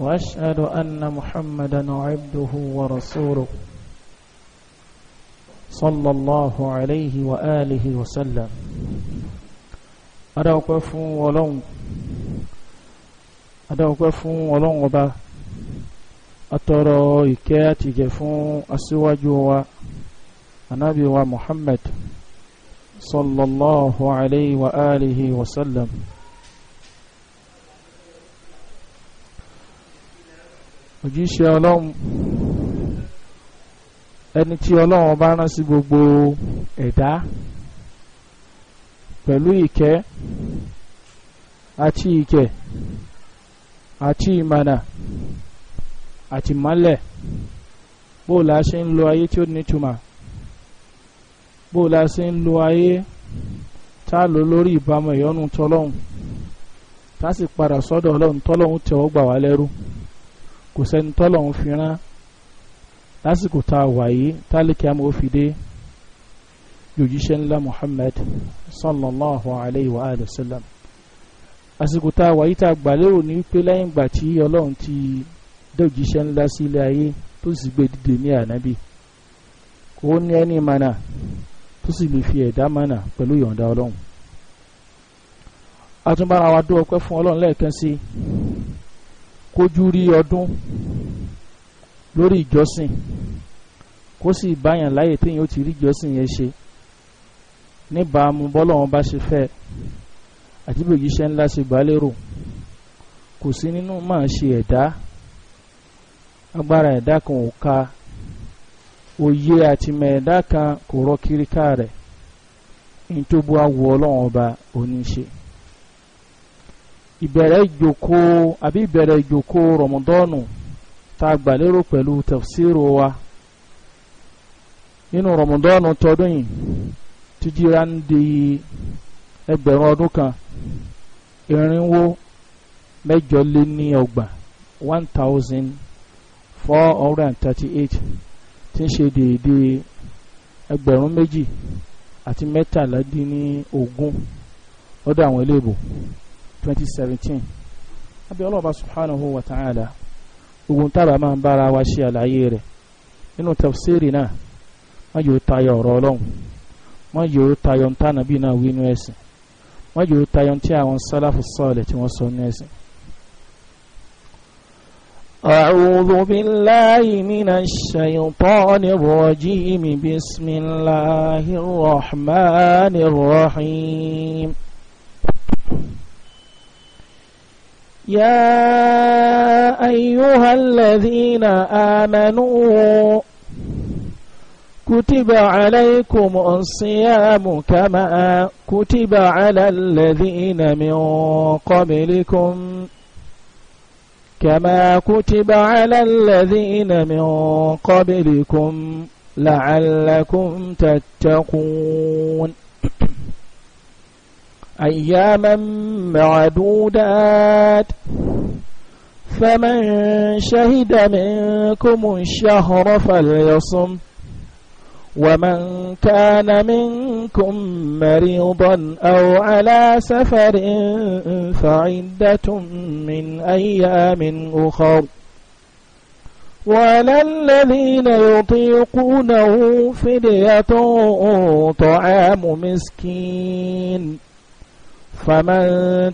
وأشهد أن محمدا عبده ورسوله صلى الله عليه وآله وسلم أدعوك فون ولون أدعوك فون ولون وبا أترى إكاتي جفون أسواج النبي ومحمد صلى الله عليه وآله وسلم òjíṣẹ́ ọlọ́run ẹni tí ọlọ́run bá rán sí gbogbo ẹ̀dá pẹ̀lú ìkẹ́ àti ìkẹ́ àti ìmànà àti mọ́lẹ̀ bó la ṣe ń lo ayé tí ó nítumọ̀ bó la ṣe ń lo ayé tá a lò lórí ìbámu ìyọ́nú tọ́lọ́hún tá a sì padà sọ́dọ̀ ọlọ́run tọ́lọ́hún tẹ̀wọ́ gbà wá lẹ́rú kò sẹ́ni tọ́lọ̀ ń fi rán lásìkò tá a wà yìí tálíkì àmọ́ ó fi dé yòjíṣẹ́ ńlá Muhammad sallallahu alayhi wa alayhi wa sallam àsìkò tá a wà yìí tá a gbà lérò ní wípé lẹ́yìn ìgbà tí ọlọ́run ti dé ńlá sí ilé ayé tó sì gbé dìde ní ànábì ó ní ẹni mànà tó sì lè fi ẹ̀dá mànà pẹ̀lú ìyọ̀ǹda ọlọ́run a tún bára wa dó ọpẹ́ fún ọlọ́run lẹ́ẹ̀kan sí i kójú rí ọdún lórí ìjọsìn kó sì báyàn láyè téèyàn ó ti rí ìjọsìn yẹn ṣe níbàámu bọ́lọ́wọ́n bá ṣe fẹ́ àti bí òjíṣẹ́ ńlá ṣe gbà lérò kò sí nínú máa ṣe ẹ̀dá agbára ẹ̀dá kan ò ka òye àtìmọ̀ ẹ̀dá kan kò rọ kiri ká rẹ̀ ní tó bu awọ ọlọ́wọ́n ọba oníṣe ìbẹ̀rẹ̀ ìjòkó àbí ìbẹ̀rẹ̀ ìjòkó rọ̀mọ̀dọ́nù tá a gbà lérò pẹ̀lú tafsiru wa nínú rọ̀mọ̀dọ́nù tọdún yìí tíjíra ń di ẹgbẹ̀rún ọdún kan irinwó mẹ́jọ lé ní ọgbà one thousand four hundred and thirty eight tí ń ṣe déédéé ẹgbẹ̀rún méjì àti mẹ́tàlá dín ní ogún lọ́dọ̀ àwọn ilé ìbò. 2017 àbí ọlọ́ọ̀bá subhanahu wa ta'ala ogun tábà máa ń bára wa ṣe àlàyé rẹ̀ nínú tafsiri náà wọ́n yóò tayọ ọ̀rọ̀ ọlọ́run wọ́n yóò tayọ ntánàbí náà wí inú ẹ̀sìn wọ́n yóò tayọ tí àwọn sálàfù sọ́ọ̀lẹ̀ tí wọ́n sọ inú ẹ̀sìn. أعوذ بالله من الشيطان الرجيم بسم الله الرحمن الرحيم يا أيها الذين آمنوا كتب عليكم الصيام كما كتب على الذين من قبلكم كما كتب على الذين من قبلكم لعلكم تتقون أياما معدودات فمن شهد منكم الشهر فليصم ومن كان منكم مريضا أو على سفر فعدة من أيام أخر وعلى الذين يطيقونه فدية طعام مسكين فمن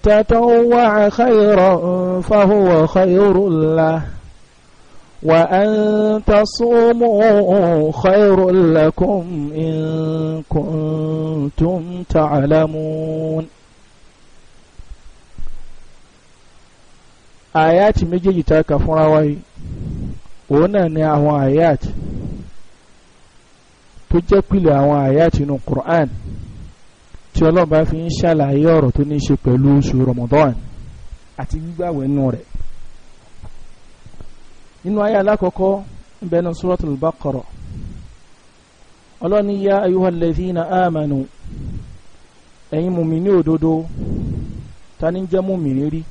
تطوع خيرا فهو خير له وأن تصوموا خير لكم إن كنتم تعلمون آيات مجيجي تاكا فراوي ونا نعوى آيات تجاكل عوى آيات نو قرآن tí ọlọ́run bá fi ń ṣàlàyé ọ̀rọ̀ tó ní í ṣe pẹ̀lú oṣù Ramadan àti gbígbàwẹ̀ nù rẹ̀ nínú ayé alákọ̀ọ́kọ́ ń bẹ nínú Suratul Baqara ọlọ́ni ya ayuhal ladhina amanu ẹ̀yin mùmíní òdodo ta ni ń jẹ́ mùmíní rí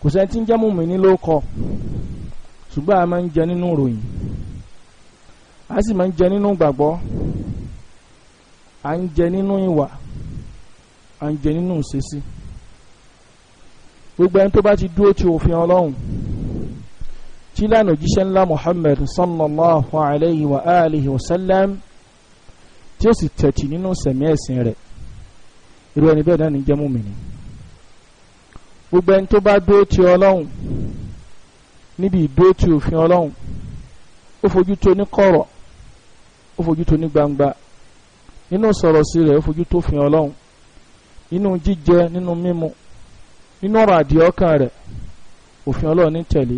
kò sẹ́ni tí ń jẹ́ mùmíní ló kọ ṣùgbọ́n a máa ń jẹ nínú ròyìn a sì máa ń jẹ nínú gbàgbọ́ à ń jẹ nínú ìwà à ń jẹ nínú ìṣesí gbogbo ẹni tó bá ti dúró ti òfin ọlọ́run tí lánàá jíṣẹ́ ńlá Muhammad sallallahu alayhi wa alihi wa sallam tí ó sì tẹ̀tì nínú sẹ̀mí ẹ̀sìn rẹ̀ irú ẹni bẹ́ẹ̀ náà ní jẹ́ mùmínì gbogbo ẹni tó bá dúró ti ọlọ́run níbi ìdúró ti òfin ọlọ́run ó fojú tó ní kọ̀rọ̀ ó fojú tó ní gbangba nínú sọ̀rọ̀ sí rẹ̀ fojú tó fi ọlọ́run nínú jíjẹ nínú mímu nínú ọ̀rọ̀ àdìọ́kàn rẹ̀ òfin ọlọ́run ní tẹ̀lé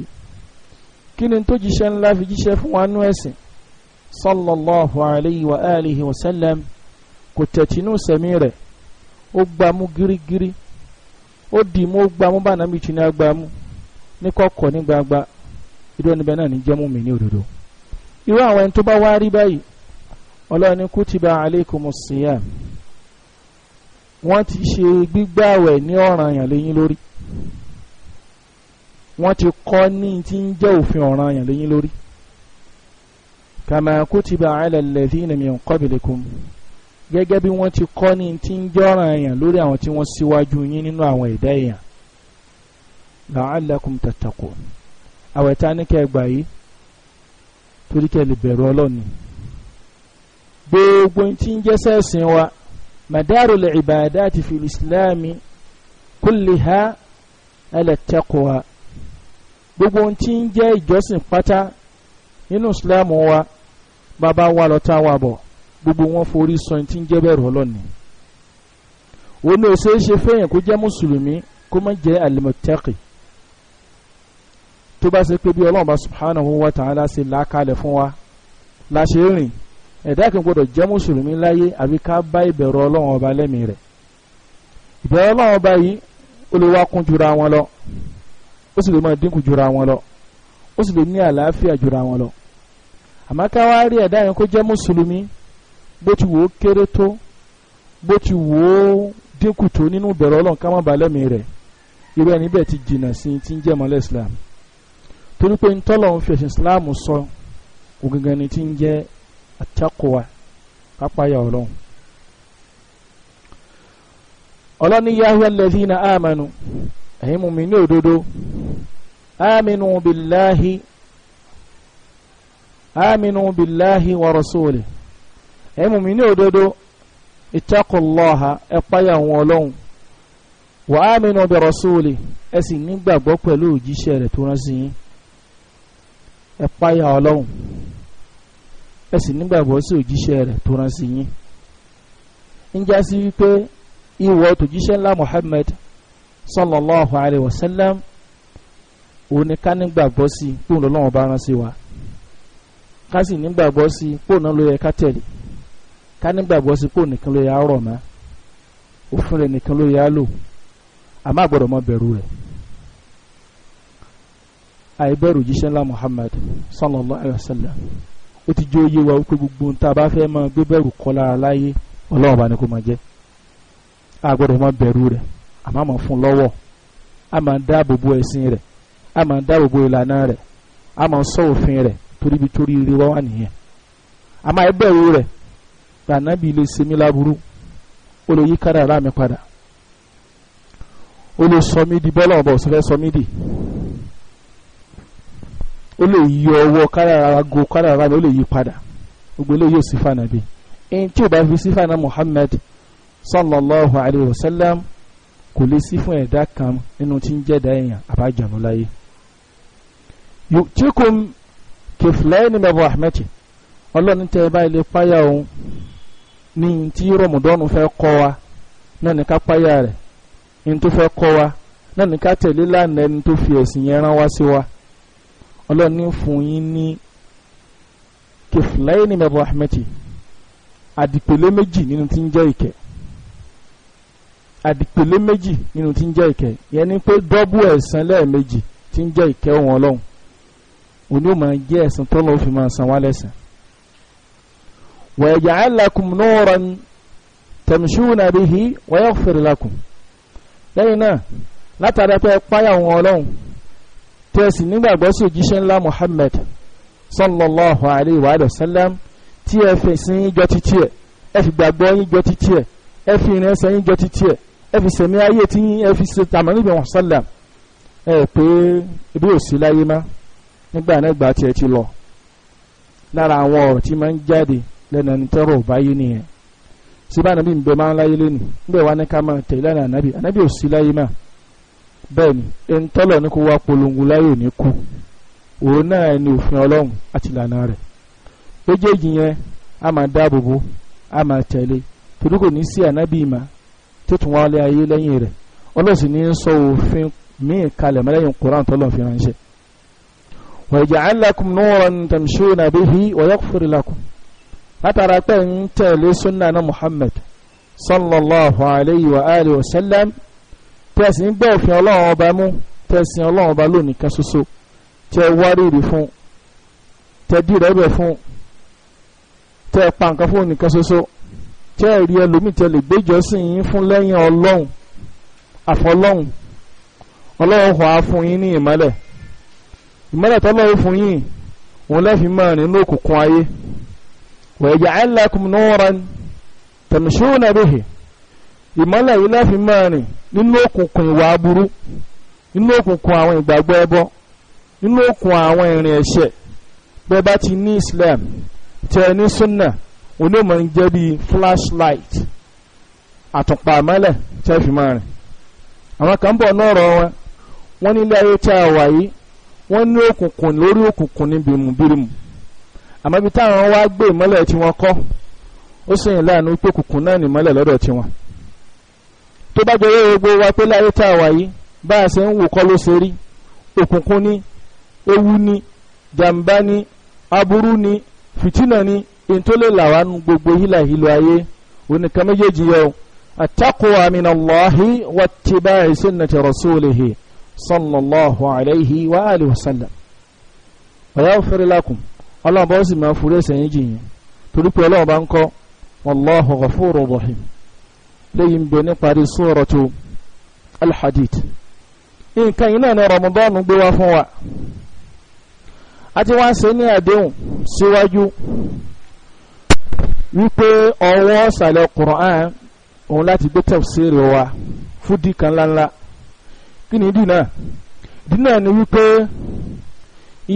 kí ni tó jíṣẹ́ ńlá fi jíṣẹ́ fún wa nú ẹ̀sìn sallallahu alayhi wa alihi wa sallam kò tẹ̀tínú sẹ̀mí rẹ̀ ó gbámú gírígírí ó dì mú ó gbámú bá nàbí tìǹà gbámú ní kọ̀kọ̀ ní gbangba irú ẹni bẹ́ẹ̀ náà ní jẹ́mú mi ní òdodo irú àwọn ẹni tó bá wá rí báyìí ọlọ́ni kútìbà alaykumus siyam wọ́n ti ṣe gbígbàwẹ̀ ní ọ̀ranyàn lẹ́yìn lórí wọ́n ti kọ́ ní ti ń jẹ́ òfin ọ̀ranyàn lẹ́yìn lórí kama kútìbà ala alladhina min qablikum gẹ́gẹ́ bí wọ́n ti kọ́ ní ti ń jẹ́ ọ̀ranyàn lórí àwọn tí wọ́n síwájú yín nínú àwọn ẹ̀dá èèyàn la'allakum tattaqun àwẹ̀ta ní kẹgbà yìí torí kẹ́ lè bẹ̀rù Ọlọ́run gbogbo tí ń jẹ́ sẹ́sìn wa madarul ibadati fil islami kulliha ala taqwa gbogbo tí ń jẹ́ ìjọsìn pátá nínú islam wa bàbá wa lọ́tà wa bọ̀ gbogbo wọn forí sọ tí ń jẹ́ bẹ̀rù ọlọ́ni wọn ní òṣèré ṣe fẹ́yìn kó jẹ́ mùsùlùmí kó má jẹ́ alimọ̀tẹ́kì tó bá ṣe pé bí ọlọ́run bá subhanahu wa ta'ala ṣe làákàlẹ̀ fún wa la ṣe rìn ẹ̀dá kan gbọ́dọ̀ jẹ́ mùsùlùmí láyé àbí ká bá ìbẹ̀rù ọlọ́run ọba lẹ́mìí rẹ̀ ìbẹ̀rù ọlọ́run ọba yìí ó lè wá kún jura wọn lọ ó sì lè máa dínkù jura wọn lọ ó sì lè ní àlàáfíà jura wọn lọ àmọ́ ká wá rí ẹ̀dá yẹn kó jẹ́ mùsùlùmí bó ti wò ó kéré tó bó ti wò ó dínkù tó nínú ìbẹ̀rù ọlọ́run ká má ba lẹ́mìí rẹ̀ irú ẹni bẹ́ẹ̀ ti jìnnà sí ti ń jẹ́ mọ́lẹ́ Islam torí pé ntọ́lọ́run fi ẹ̀sìn Islam sọ ògangan ni ti ń jẹ́ àtẹ́kùwà pápáyà ọlọ́run ọlọ́ni yahya alladhina amanu ẹ̀yin mùmínì òdodo aminu billahi aminu billahi wa rasulihi ẹ̀yin mùmínì òdodo ittaqullaha ẹ̀páyà wọn ọlọ́run wa aminu bi rasulihi ẹ sì nígbàgbọ́ pẹ̀lú òjíṣẹ́ rẹ̀ tó rán sí yín ẹ̀páyà ọlọ́run. ẹ sì nígbàgbọ́ sí òjíṣẹ́ rẹ̀ tó rán sí yín ń já sí wípé ìwọ tòjíṣẹ́ ńlá Muhammad sallallahu alayhi sallam òun ni ká nigba sí i kóun lọ́wọ́ bá rán sí wa ká sì nígbàgbọ́ sí i kóun ló yẹ ká tẹ̀lé ká sí nìkan ló yẹ á rọ̀ mọ́ òfin sallallahu ó ti jẹ́ òye wa wípé gbogbo ohun tá a bá fẹ́ máa gbé bẹ̀rù kọ́ lára láyé ọlọ́run bá ní kó máa jẹ́ a gbọ́dọ̀ máa bẹ̀rù rẹ̀ a máa máa fún lọ́wọ́ a máa dáàbò bo ẹ̀sìn rẹ̀ a máa dáàbò bo ìlànà rẹ̀ a máa sọ òfin rẹ̀ torí ibi torí ire wá wà nìyẹn a máa bẹ̀rù rẹ̀ gbànábì lè ṣe mí láburú ó lè yí kádàrá mi padà ó lè sọ mí di bọ́lá ọ̀bọ̀ òsínfẹ́ sọ di ó lè yọ ọwọ́ kárara go kárara ni ó lè yí padà gbogbo eléyìí ò sí fànàbí ẹni tí ò bá fi sí fànà Muhammad sallallahu alayhi wa sallam kò lè sí fún ẹ̀dá kan nínú tí ń jẹ́dá èèyàn àbájánu láyé. yòókùn kìfìlẹ́ẹ̀nì bàbá ahmed ọlọ́run tẹ́ ẹ báyìí lè páyà òun ní tí rọ̀mùdọ́nù fẹ́ kọ́ wa náà ní ká páyà rẹ̀ ní tó fẹ́ kọ́ wa náà ní ká tẹ̀lé lánàá ẹni tó fi ẹ̀sìn yẹn rán wá sí wa. Si ọlọ́run ní fún yín ní kìfìláyé ní mẹ́bọ̀ ahmeti àdìpèlé méjì nínú tí ń jẹ́ ìkẹ́ àdìpèlé méjì nínú tí ń jẹ́ ìkẹ́ yẹn ni pé dọ́bù ẹ̀san lẹ́ẹ̀mejì tí ń jẹ́ ìkẹ́ òun ọlọ́run òní ò máa jẹ́ ẹ̀san tó lọ́wọ́ fi máa san wá lẹ́sàn. wa yaj'al lakum nuran tamshuna bihi wa yaghfir lakum lẹ́yìn náà látàrí pé páyà òun ọlọ́run tẹ̀sí nígbàgbọ́ sí òjíṣẹ́ ńlá Muhammad sallallahu alayhi wa sallam tí ẹ fi sin yín jọ títí ẹ ẹ fi gbàgbọ́ yín jọ títí ẹ ẹ fi ìrìn ẹsẹ̀ yín jọ títí ẹ ẹ fi sẹ̀mí ayé tí yín ẹ fi ṣe tàmí níbi wọn sallam ẹ pé ibi ò sí láyé má nígbà náà gbà tiẹ̀ ti lọ lára àwọn ọ̀rọ̀ tí máa ń jáde lẹ́nu ẹni tọ́rọ̀ ò báyé nìyẹn síbáà nàbí ń bẹ máa ń láyé lónìí ń bẹ ní ká máa tẹ̀lé ànábì ànábì ò sí láyé má bẹ́ẹ̀ni ẹni tọ́lọ̀ ní kó wá polongo láyé òní kú òun náà ni òfin ọlọ́run àti ìlànà rẹ̀ méjèèjì yẹn a máa dáàbò bò a máa tẹ̀lé torí kò ní sí ànábì ìmà tó tún lé ayé lẹ́yìn rẹ̀ ọlọ́sì ní sọ òfin míì kalẹ̀ mẹ́lẹ́yìn koran tọ́lọ̀ fi ránṣẹ́. wa yaj'al lakum nuran tamshuna bihi wa yaghfir lakum látara pé ń tẹ̀lé sunna na Muhammad sallallahu alayhi wa alihi wa sallam tẹ̀sí ń gbọ́ òfin ọlọ́run ọba mú tẹ̀sí ọlọ́run ọba lónìí kan ṣoṣo tẹ wárìrì fún tẹ dìrẹ́ bẹ̀ fún tẹ pa nǹkan fún nìkan ṣoṣo tẹ rí ẹlòmíì tẹ lè gbéjọsìn yín fún lẹ́yìn ọlọ́run àfọlọ́run ọlọ́run hàn á fún yín ní ìmọ́lẹ̀ ìmọ́lẹ̀ tọ́lọ́run fún yín òun lẹ́fi máa nínú òkùnkùn ayé wa yaj'al lakum nuran tamshuna bihi. ìmọ́lẹ̀ yìí lẹ́fi máa rìn nínú òkùnkùn ìwà aburú nínú òkùnkùn àwọn ìgbàgbọ́ ẹbọ nínú òkùn àwọn ìrìn ẹ̀ṣẹ̀ bẹ́ẹ̀ ti ní Islam tẹ ní sunna onímọ̀ ń jẹ́ bíi flashlight àtùpà mẹ́lẹ̀ tẹ́ fi máa rìn àwọn kan bọ̀ náà rọ wọn nílé ayé a wà yìí wọ́n ní òkùnkùn lórí òkùnkùn ní bìrìmùbìrìmù àmọ́ ibi táwọn wá gbé ìmọ́lẹ̀ kọ́ ó sì láàánú pé tó bá jẹ́ gbogbo wa pé láyé tá a wà yìí bá a ṣe ń wò kọ́ ló ṣe rí òkùnkùn ni ewu ni jàǹbá ni aburú ni fìtínà ni ìntólè làwọn gbogbo hílàhílò ayé oníkan méjèèjì yẹ o attaqwa min Allahi wattiba'i sunnati rasulihi sallallahu alayhi wa alihi wa sallam wayaghfir lakum ọlọ́run bá sì máa fúré sẹ́yìn jìyìn torí pé ọlọ́run bá ń kọ́ wallahu ghafurur rahim lẹ́yìn bẹ níparí sóòrọ̀tò alhadid nǹkan iná ni rọmọdọ́ọ̀nù gbé wá fún wa a ti wá ń ṣe ní àdéhùn síwájú wípé ọwọ́ ṣàlẹ̀ Qur'an òun láti gbé tafsiri wa fúdí kan ńláńlá kí ni dínà dínà ni wípé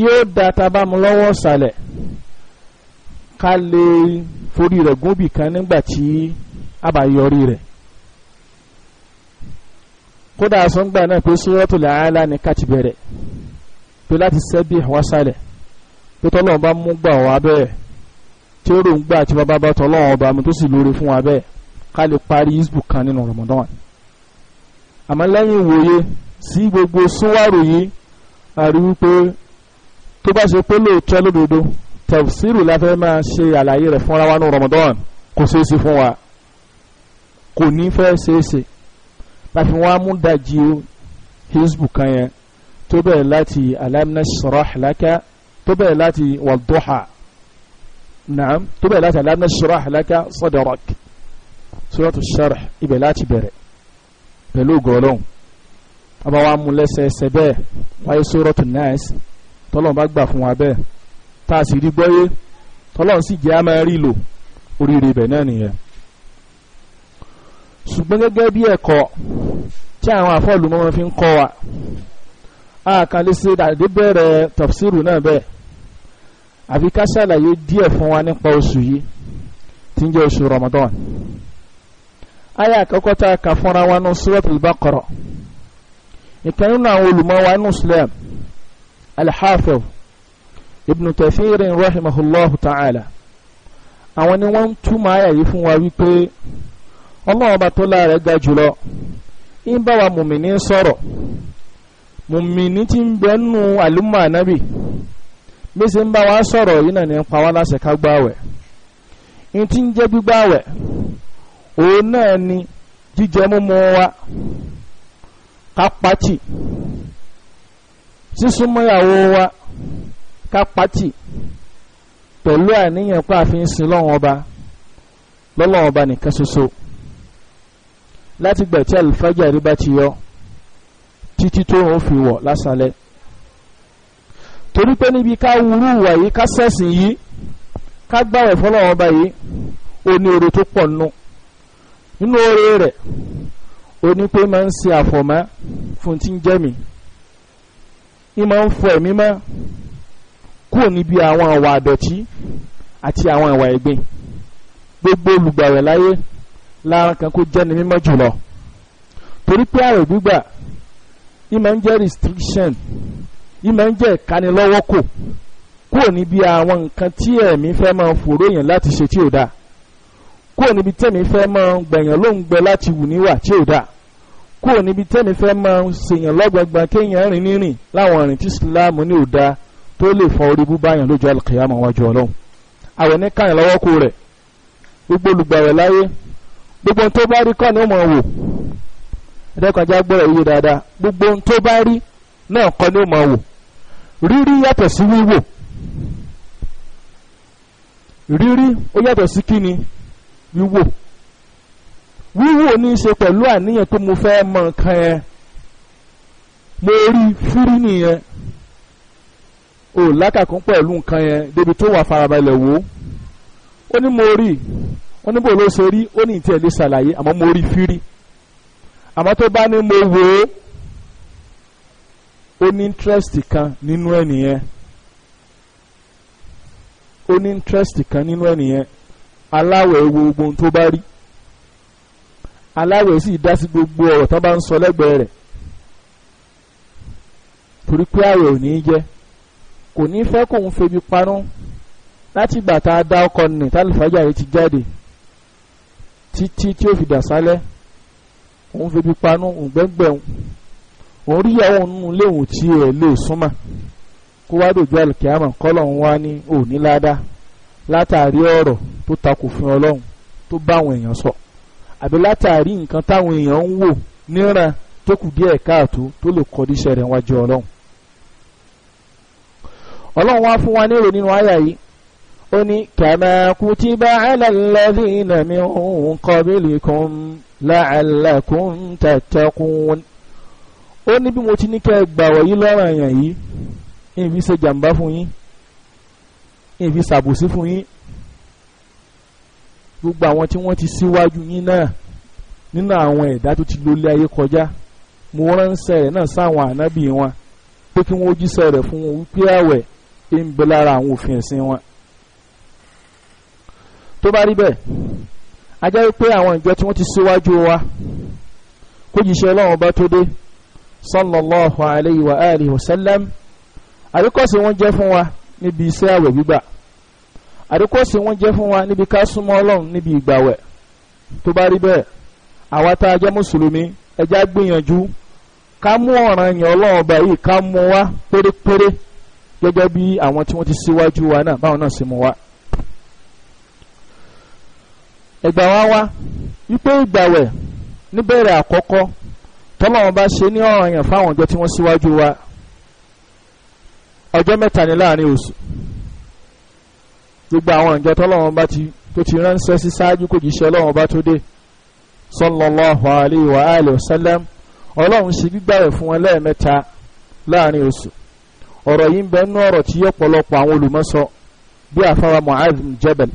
yóò da tabamu lọ́wọ́ ṣàlẹ̀ ká lè forí rẹ̀ gúnbì kan nígbà tí àbáyọrí rẹ̀ kódà sọ́ngbà náà pé Suratul A'la ní káàtì bẹ̀rẹ̀ pé láti sẹ́bí wá sálẹ̀ pé tọ́lọ́run bá mú gbà wá bẹ́ẹ̀ tí ó ròún gbà tí bàbá bá tọ́lọ́run ọba mi tó sì lóore fún wa bẹ́ẹ̀ ká lè parí isbu kan nínú Ramadan àmọ́ lẹ́yìn ìwòye sí gbogbo súwárò yìí a rí wípé tó bá ṣe pé lóòótọ́ lódodo tafsiru la fẹ́ máa ṣe àlàyé rẹ̀ fúnra wa ní Ramadan kò ṣeé ṣe fún wa kò ní fẹ́ ṣeéṣe láti wọn á mú dajì hizbu kan yẹn tó bẹ̀rẹ̀ láti alam nashrah laka tó bẹ̀rẹ̀ láti wàdúhà naam tó bẹ̀rẹ̀ láti alam nashrah laka sadrak suratu sharh ibẹ̀ láti bẹ̀rẹ̀ pẹ̀lú gọlọ́n ọba wa mú lẹ́sẹẹsẹ bẹ́ẹ̀ wáyé suratu nas tọ́lọ́n bá gbà fún wa bẹ́ẹ̀ tá a sì rí gbọ́yé tọ́lọ́n sì jẹ́ àmọ́ rí lò oríire ibẹ̀ náà nìyẹn ṣùgbọ́n gẹ́gẹ́ bí ẹ̀kọ́ tí àwọn àfọ́lùmọ́ wọn fi ń kọ́ wa a kàn lè ṣe dàdé bẹ̀rẹ̀ tafsiru náà bẹ́ẹ̀ àfi ká ṣàlàyé díẹ̀ fún wa nípa oṣù yìí tí ń jẹ́ oṣù Ramadan aya àkọ́kọ́ tá a kà fúnra wa nù Suratul Baqara ìkan nínú àwọn olùmọ̀ wa nù Islam al-Hafiz Ibn rahimahullahu ta'ala àwọn ni wọ́n túmọ̀ aya yìí fún wa wípé. ọlọ́run tó láàrẹ̀ ga jùlọ ń bá wa mùmìnì sọ̀rọ̀ mùmìnì ti ń bẹnu àlùmọ́ ànábì bí ṣe ń wa sọ̀rọ̀ yìí náà ní pa wá láṣẹ ká gbààwẹ̀ n ti ń jẹ́ gbígbààwẹ̀ òun náà ni jíjẹ mímu wa ká láti gbà tí alifájàrí bá ti yọ títí tó ń fi wọ̀ lásàlẹ̀ torí pé níbi ká wúrú wà yìí ká sẹ̀sìn yìí ká gbàwẹ̀ fọlọ́wọ́n báyìí ó ní oore tó pọ̀ nù nínú oore rẹ̀ ó ní pé máa ń ṣe àfọ̀mọ́ fún tí ń jẹ́mi ní máa ń fọ ẹ̀mí mọ́ kúrò níbi àwọn àwà àdọ̀tí àti àwọn àwà ẹ̀gbìn gbogbo olùgbàwẹ̀ láyé lára kan kó jẹ́ ni mímọ́ jùlọ torí pé ààrẹ gbígbà yìí máa ń jẹ́ restriction yìí máa ń jẹ́ ìkánilọ́wọ́ kò kúrò níbi àwọn nǹkan tí ẹ̀mí fẹ́ máa fòró yẹn láti ṣe tí ò dáa kúrò níbi tẹ́mi fẹ́ máa gbẹ̀yàn ló ń gbẹ láti wù níwà tí ò dáa kúrò níbi tẹ́mi fẹ́ máa ṣèyàn lọ́gbọ̀ngbọ̀n kéèyàn rìn nírìn láwọn rìn tí Islam ní ò dáa tó lè fa orí búbáyàn lójú alùkìyàmọ̀ wájú Ọlọ́run àwẹ̀ ní kánilọ́wọ́ kò rẹ̀ gbogbo olùgbàwẹ̀ láyé gbogbo ohun tó bá rí kọ́ ni ó máa wò ẹ̀dẹ́kọ̀já gbọ́dọ̀ yé dáadáa gbogbo ohun tó bá rí náà kọ́ ni ó máa wò rírí yàtọ̀ sí wíwò rírí ó yàtọ̀ sí kíni wíwò wíwò ní í ṣe pẹ̀lú àníyàn tó mo fẹ́ mọ nǹkan yẹn mo rí fúrí nìyẹn ò lákàkún pẹ̀lú nǹkan yẹn débi tó wà farabalẹ̀ wò ó ní mo rí wọ́n ní bò ló ṣe rí ó ní ìtí ẹ̀ lè ṣàlàyé àmọ́ mo rí fírí àmọ́ tó bá ní mo wò ó ó ní interest kan nínú ẹ̀ nìyẹn ó ní interest kan nínú ẹ̀ nìyẹn aláwẹ̀ wo gbogbo tó bá rí aláwẹ̀ sì dá sí gbogbo ọ̀rọ̀ tó bá ń sọ lẹ́gbẹ̀ẹ́ rẹ̀ torí pé àwẹ̀ ò ní jẹ́ kò ní fẹ́ kóun febi panú láti ìgbà tá a dá ọkọ nì tálífàjà yìí ti jáde títí tí ó fi dàsálẹ̀ òun febi panú òun gbẹ́ngbẹ̀hún òun rí ìyàwó nínú léwu tí ẹ̀ lè súnmọ́ kó wá dòjú àlùkìyàmọ̀ kọ́lọ̀ ń wá ní òní ládàá látàrí ọ̀rọ̀ tó takò fún ọlọ́run tó bá àwọn èèyàn sọ àbí látàrí nǹkan táwọn èèyàn ń wò níran tó kù díẹ̀ káàtó tó lè kọ́ díṣẹ́ rẹ̀ wájú ọlọ́run ọlọ́run wá fún wa ní èrò nínú àyà yìí ó ní kama kutiba ala alladhina min qablikum la'allakum tattaqun ó ní bí mo ti ní kẹ́ gbàwọ̀ yìí lọ́rọ̀ èèyàn yìí ń fi ṣe jàǹbá fún yín ń fi ṣàbòsí fún yín gbogbo àwọn tí wọ́n ti síwájú yín náà nínú àwọn ẹ̀dá tó ti lólé ayé kọjá mo ránṣẹ́ rẹ̀ náà sáwọn ànábì wọn pé kí wọ́n ojúṣe rẹ̀ fún wọn wípé àwẹ̀ ń bẹ lára àwọn òfin ẹ̀sìn wọn tó bá rí bẹ́ẹ̀ a jẹ́ pé àwọn ìjọ tí wọ́n ti síwájú wa kó jíṣẹ́ ọlọ́run bá tó dé sallallahu alayhi wa alihi wa sallam àríkọ́sí wọn jẹ́ fún wa níbi iṣẹ́ àwẹ̀ gbígbà àríkọ́sí wọn jẹ́ fún wa níbi ká súnmọ́ ọlọ́run níbi ìgbàwẹ̀ tó bá rí bẹ́ẹ̀ àwa tá a jẹ́ mùsùlùmí ẹja gbìyànjú ká mú ọ̀ràn yẹn ọlọ́run ọba yìí ká mú wa pérépéré gẹ́gẹ́ bí àwọn tí wọ́n ti síwájú wa náà báwọn náà sì mú wa ẹgbà wa wá wípé ìgbàwẹ̀ níbẹ̀rẹ̀ àkọ́kọ́ tọ́lọ́wọ́n bá ṣe ní ọ̀ranyàn fáwọn ọjọ́ tí wọ́n síwájú wa ọjọ́ mẹ́ta ní láàrin oṣù gbogbo àwọn ìjọ tọ́lọ́wọ́n bá ti tó ti ránṣẹ́ sí ṣáájú kò jíṣẹ́ ọlọ́wọ́n bá tó dé sallallahu alayhi wa alihi wa sallam ọlọ́run ṣe gbígbàwẹ̀ fún wọn lẹ́ẹ̀mẹ́ta láàrin oṣù ọ̀rọ̀ yìí ń bẹ́ẹ̀ nú ọ̀rọ̀ tí ọ̀pọ̀lọpọ̀ àwọn olùmọ̀ bí àfáwà Mu'adh bin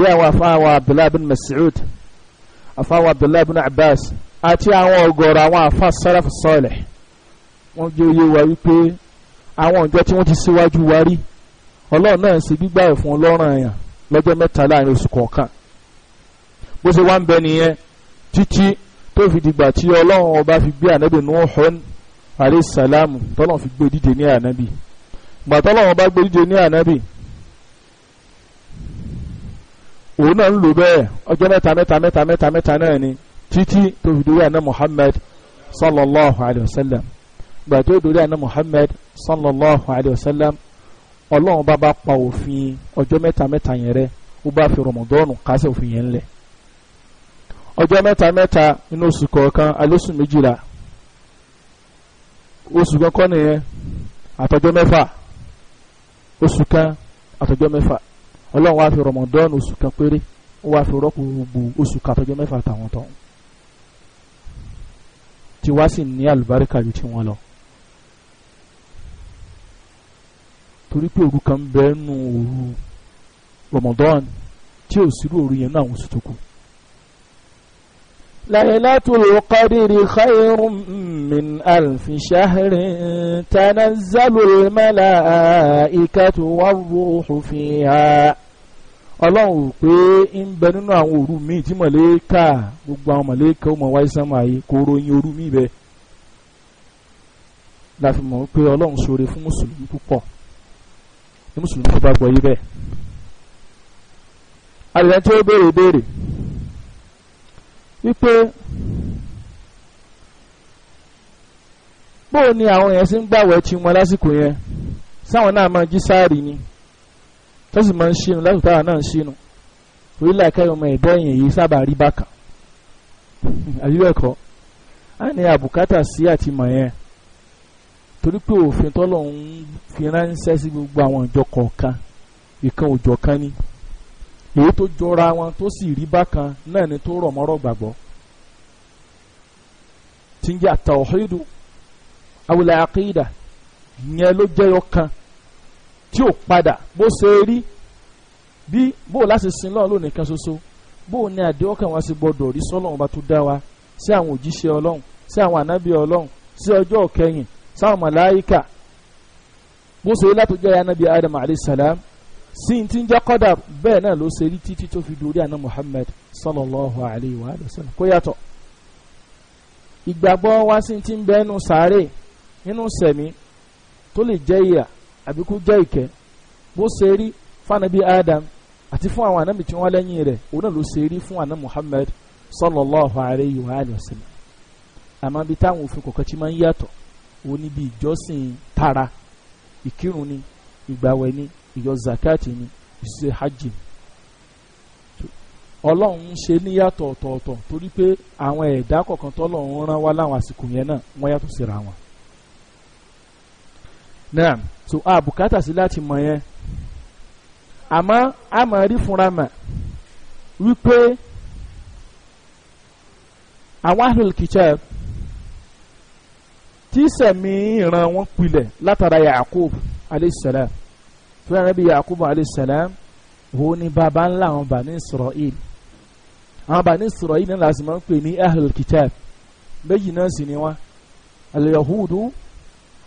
bí àwọn afáwọn abdullahi bin mas'ud afáwọn abdullahi bin abbas àti àwọn ọ̀gọ̀rọ̀ àwọn afá salaf salih wọ́n jẹ́ oyé wa wípé àwọn ìjọ tí wọ́n ti síwájú wa rí ọlọ́run náà ń ṣe gbígbà ẹ̀fún ọlọ́run àyàn lọ́jọ́ mẹ́ta láàrin oṣù kọ̀ọ̀kan bó ṣe wá ń bẹ nìyẹn títí tó fi dìgbà tí ọlọ́run ọba fi gbé ànábì Nuhun alayhi salaam tọ́lọ́run fi gbé dìde ní ànábì gbàtọ́lọ́run ọba gbé dìde ní ànábì òun náà ń lò bẹ́ẹ̀ ọjọ́ mẹ́ta mẹ́ta mẹ́ta mẹ́ta mẹ́ta náà ni títí tó fi dórí àná Muhammad sallallahu alayhi wa sallam gbà tó dórí àná Muhammad sallallahu alayhi wa sallam ọlọ́run bá bá pa òfin ọjọ́ mẹ́ta mẹ́ta yẹn rẹ́ ó bá fi rọmọdọ́ọ̀nù kásẹ̀ òfin yẹn lẹ̀ ọjọ́ mẹ́ta mẹ́ta nínú oṣù kọ̀ọ̀kan alóṣù méjìlá oṣù kankan nìyẹn àtọjọ́ mẹ́fà oṣù kan àtọjọ́ mẹ́fà ọlọ́run wá fi rọmọdọ́ọ̀nù oṣù kan péré ó wá fi rọ́pò gbogbo oṣù kan àtọ́jọ́ mẹ́fà tàwọn tán tiwa sì ní àlùbáríkà ju tiwọn lọ torí pé òru kan bẹ́ẹ̀ nù òru rọmọdọ́ọ̀nù tí ò sírú òru yẹn náà àwọn oṣù tó kù. ليلة القدر خير من ألف شهر تنزل الملائكة والروح فيها ọlọ́run ò pé ń bẹ nínú àwọn òru míì tí mọ̀lẹ́kà gbogbo àwọn mọ̀lẹ́kà ó mọ̀ wáyé sánmà yìí kò ròyìn òru míì bẹ́ẹ̀ la fi mọ̀ pé ọlọ́run ṣoore fún mùsùlùmí púpọ̀ ní mùsùlùmí tó bá gbọ́ yí bẹ́ẹ̀. àdìrẹ́ tí ó béèrè béèrè wípé bóò ni àwọn èèyàn ṣe ń gbàwẹ̀ tí wọn lásìkò yẹn sáwọn náà máa jí sáàrì ni tó sì máa ń ṣínú lásìkò táwọn náà ń ṣínú orílẹ̀ akẹ́yọ̀ ọmọ ẹ̀dá èèyàn yìí sábà rí bákan àbíbẹ̀kọ́ á ní àbùkátà sí àtìmọ̀ yẹn torí pé òfin tọ́lọ̀ ń fi ránṣẹ́ sí gbogbo àwọn ìjọ kọ̀ọ̀kan ìkan òjọ̀kan ni èyí tó jọra wọn tó sì rí bákan náà ni tó rọ̀ mọ́rọ̀ gbàgbọ́ tí ń jẹ́ àtàwọ̀hídù awùlà àkídà yẹn ló jẹyọ kan tí ò padà bó ṣe rí bí bó láti sin lọ́run lónìí kan ṣoṣo bó ní àdéhùn kan wá gbọdọ̀ rí sọ́lọ́run bá tó dá wa sí àwọn òjíṣẹ́ ọlọ́run sí àwọn ànábì ọlọ́run sí ọjọ́ kẹyìn sáwọn màláyíkà bó ṣe rí látọjọ́ yà ànábì Adam alayhi salam sí ti ń jẹ́ kọ́dà bẹ́ẹ̀ náà ló ṣe rí títí tó fi dorí àná Muhammad sallallahu alayhi wa sallam kó yàtọ̀ ìgbàgbọ́ wa sí ti ń bẹ́ẹ̀nu sàárè nínú sẹ̀mí tó lè jẹ́ ìyà àbí kó jẹ́ ìkẹ́ bó ṣe rí fanabi Adam àti fún àwọn ànábì tí wọ́n lẹ́yìn rẹ̀ òun náà ló ṣe rí fún àná Muhammad sallallahu alayhi wa sallam àmọ́ bí táwọn òfin kọ̀ọ̀kan ti máa ń yàtọ̀ òun níbi ìjọsìn tara ìkírun ni ìgbàwẹ̀ ni ìyọ Zakat ni ìṣe hajj ọlọ́run ń ṣe níyàtọ̀ ọ̀tọ̀ọ̀tọ̀ torí pé àwọn ẹ̀dá kọ̀ọ̀kan tọ́lọ́run rán wá láwọn àsìkò yẹn náà wọ́n yàtọ̀ síra wọn. náà so a bùkátà sí láti mọ̀ yẹn àmọ́ a máa rí fúnra mà wípé àwọn ahlul kitab tí sẹ̀mí ìran wọn pilẹ̀ látara Yaakub aleyhisselam fún anabi yakubu alayisalaam òun ni baba ńlá àwọn bani israel àwọn bani israel náà láti máa ń pè ní ahlul kitab méjì náà sì ni wá alayahudu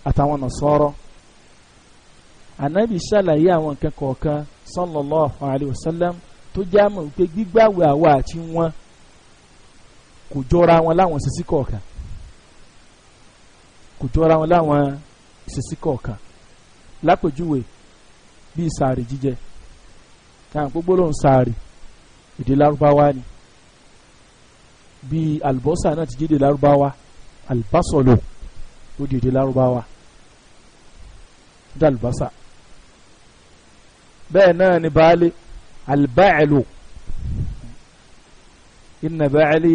àtàwọn nasọrọ anabi ṣàlàyé àwọn nǹkan kọ̀ọ̀kan sallallahu alayhi wa sallam tó já mọ̀ pé gbígbàwé àwa àti wọn kò jọra wọn láwọn sisi kọ̀ọ̀kan kò jọra wọn láwọn sisi kọ̀ọ̀kan lápèjúwe bíi sàárì jíjẹ táwọn gbogbo ló ń sàárì èdè lárúbáwá ni bíi àlùbọ́sà náà ti jẹ́ èdè lárúbáwá àlùbásọ̀lò ó di èdè lárúbáwá dá àlùbásà bẹ́ẹ̀ náà ni baálé àlùbáàlù inna baálé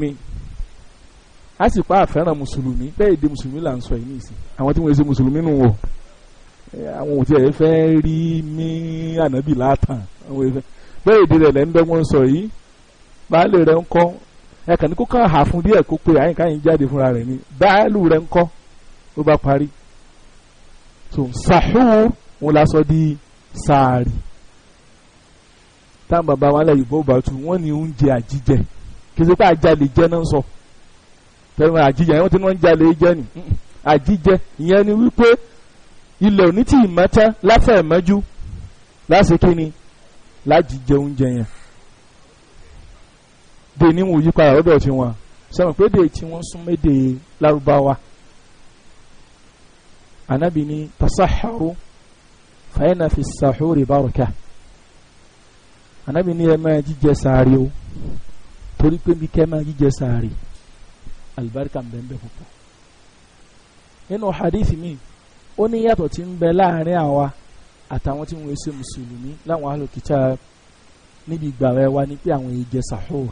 mi a sì pa àfẹ́ràn mùsùlùmí bẹ́ẹ̀ èdè mùsùlùmí là ń sọ yìí nìsín àwọn tí wọ́n ṣe mùsùlùmí nù wọ̀ àwọn òtí ẹ̀ fẹ́ rí ní ànábì látàn bẹ́ẹ̀ èdè rẹ̀ lẹ́ ń dọ́gbọ́n sọ yìí baálé rẹ̀ ń kọ́ ẹ kàn ní kó kàn hà fún díẹ̀ kó pe àyínká yìí jáde fúnra rẹ̀ ni báàlù rẹ̀ ń kọ́ ló bá parí so sàhúr wọn la sọ di sàárì táwọn bàbá wọn lẹ́yìn bó bá tu wọ́n ní oúnjẹ àjíjẹ kí fẹ́ràn àjíjẹ àwọn tí wọ́n ń jalè jẹ́ ni àjíjẹ ìyẹn ni wípé ilẹ̀ òní tí ìmọ̀tẹ́ láfẹ̀ mọ́jú lásìkò ni lájíjẹ oúnjẹ yẹn dè ní wọn ò yí padà lọ́dọ̀ tí wọn sọ pé dè tí wọ́n sún méde lárúbáwá anabi ni tasaharu fàyínà fi sàhúrì bárùkà anabi ni ẹ máa jíjẹ sàárì o torí pé bí kẹ́ máa jíjẹ sàárì alibarika ń bẹ ń púpọ̀ nínú hadithi mi ó ní yàtọ̀ tí ń bẹ láàrin àwa àtàwọn tí wọ́n ṣe mùsùlùmí láwọn alòkìtà níbi ìgbàwẹ̀ wa ni pé àwọn èyí jẹ sàhóòr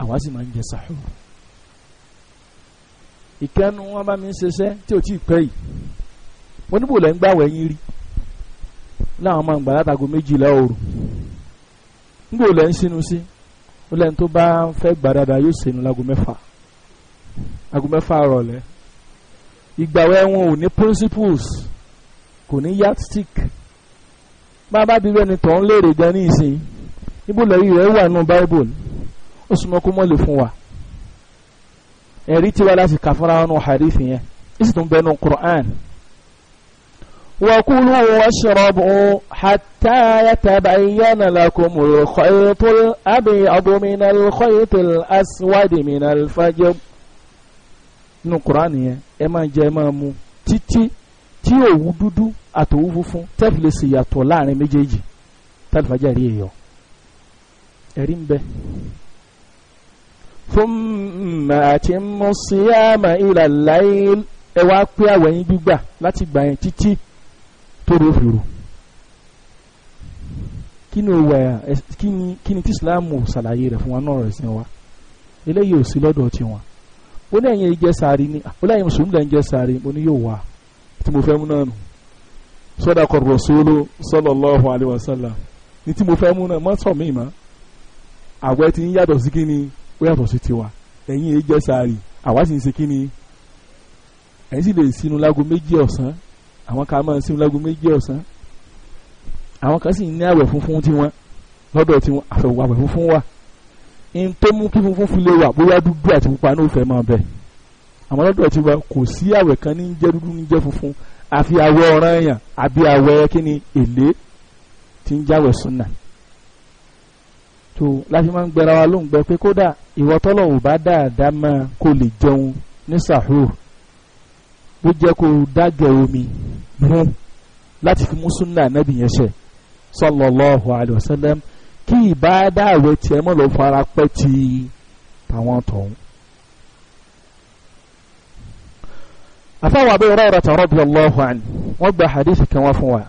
àwa sì máa ń jẹ sàhóòr ìkẹnu wọn bá mi ń ṣiṣẹ́ tí ò tí ì pẹ́ yìí wọn níbo lẹ́ ń gbàwẹ̀ yín rí láwọn máa ń gbà látago méjìlá òru níbo lẹ́ ń sínú sí ó lẹ́ni tó bá fẹ́ gbà dáadáa yóò ṣẹnu lágo mẹ́fà aago mẹ́fà rọ̀lẹ́ ìgbàwẹ̀ ò ní principles kò ní yardstick bá a bá bí bẹ́ẹ̀ ni tọ̀ ń léèrè gan ní ìsìn níbo lẹ́yìn rẹ̀ wà nù bible ó súnmọ́ kó mọ́ lè fún wa ẹ̀rí tiwa láti kà fúnra wọn nù hadith yẹn ìsì tún bẹ́ẹ̀ nù Qur'an. وكلوا واشربوا حتى يتبين لكم الخيط الأبيض من الخيط الأسود من الفجر nínú kuraani yẹn ẹ máa jẹ ẹ máa mu títí tí òwú dúdú àtòwú funfun tẹ́fì lè ṣe yàtọ̀ láàrin méjèèjì tẹ́fì fàájà rí èèyàn ẹ̀rí ń bẹ. thumma atimmu siyama ila layl ẹ wá pé àwẹ̀ yín gbígbà láti gbà yẹn títí tóru òfìrù. kí ni òwà kí ni kí ni tí Islam ṣàlàyé rẹ̀ fún wa náà rẹ̀ sí wa eléyìí ò sí lọ́dọ̀ tiwọn ó ní ẹ̀yin jẹ́ sàárì ni ó láyìn mùsùlùmí lẹ́yìn jẹ́ sàárì mo ní yóò wá tí mo fẹ́ mú náà nù sadaqa rasulu sallallahu alayhi wa sallam ní tí mo fẹ́ mú náà má sọ mí mọ́ àwẹ̀ ti ń yàtọ̀ sí kíni ó yàtọ̀ sí tiwa ẹ̀yin jẹ́ sàárì àwa sì ń ṣe kíni ẹ̀yin sì lè sínú lágo méjì ọ̀sán àwọn kan máa ń sínú lágo méjì ọ̀sán àwọn kan sì ní àwẹ̀ funfun tiwọn lọ́dọ̀ tiwọn àfẹ̀wò àwẹ̀ funfun wà n tó mú kí funfun fi lè wà bóyá dúdú àti pupa ní òfẹ́ máa bẹ̀ àmọ́ lọ́dọ̀ tiwa kò sí àwẹ̀ kan ní jẹ́ dúdú ní jẹ́ funfun àfi àwẹ̀ ọ̀ràn èèyàn àbí àwẹ̀ kí èlé ti ń jáwẹ̀ súnà tó láti máa ń gbẹra wa ló ń gbẹ pé kódà ìwọ tọ́lọ̀ ò bá dáadáa máa kó lè jẹun ní sàhóò bó jẹ́ kó dágẹ̀ omi mú láti fi mú súnà nábì ṣe sallallahu alayhi wa kí ìbáadá àwẹ̀ tiẹ̀ mọ̀ lọ fara pẹ́ ti tàwọn tọ̀hún. afáwọn abẹ́rẹ́ ọ̀rọ̀ tàwọn rọ́bì ọlọ́hu àn wọ́n gba hadith kan wá fún wa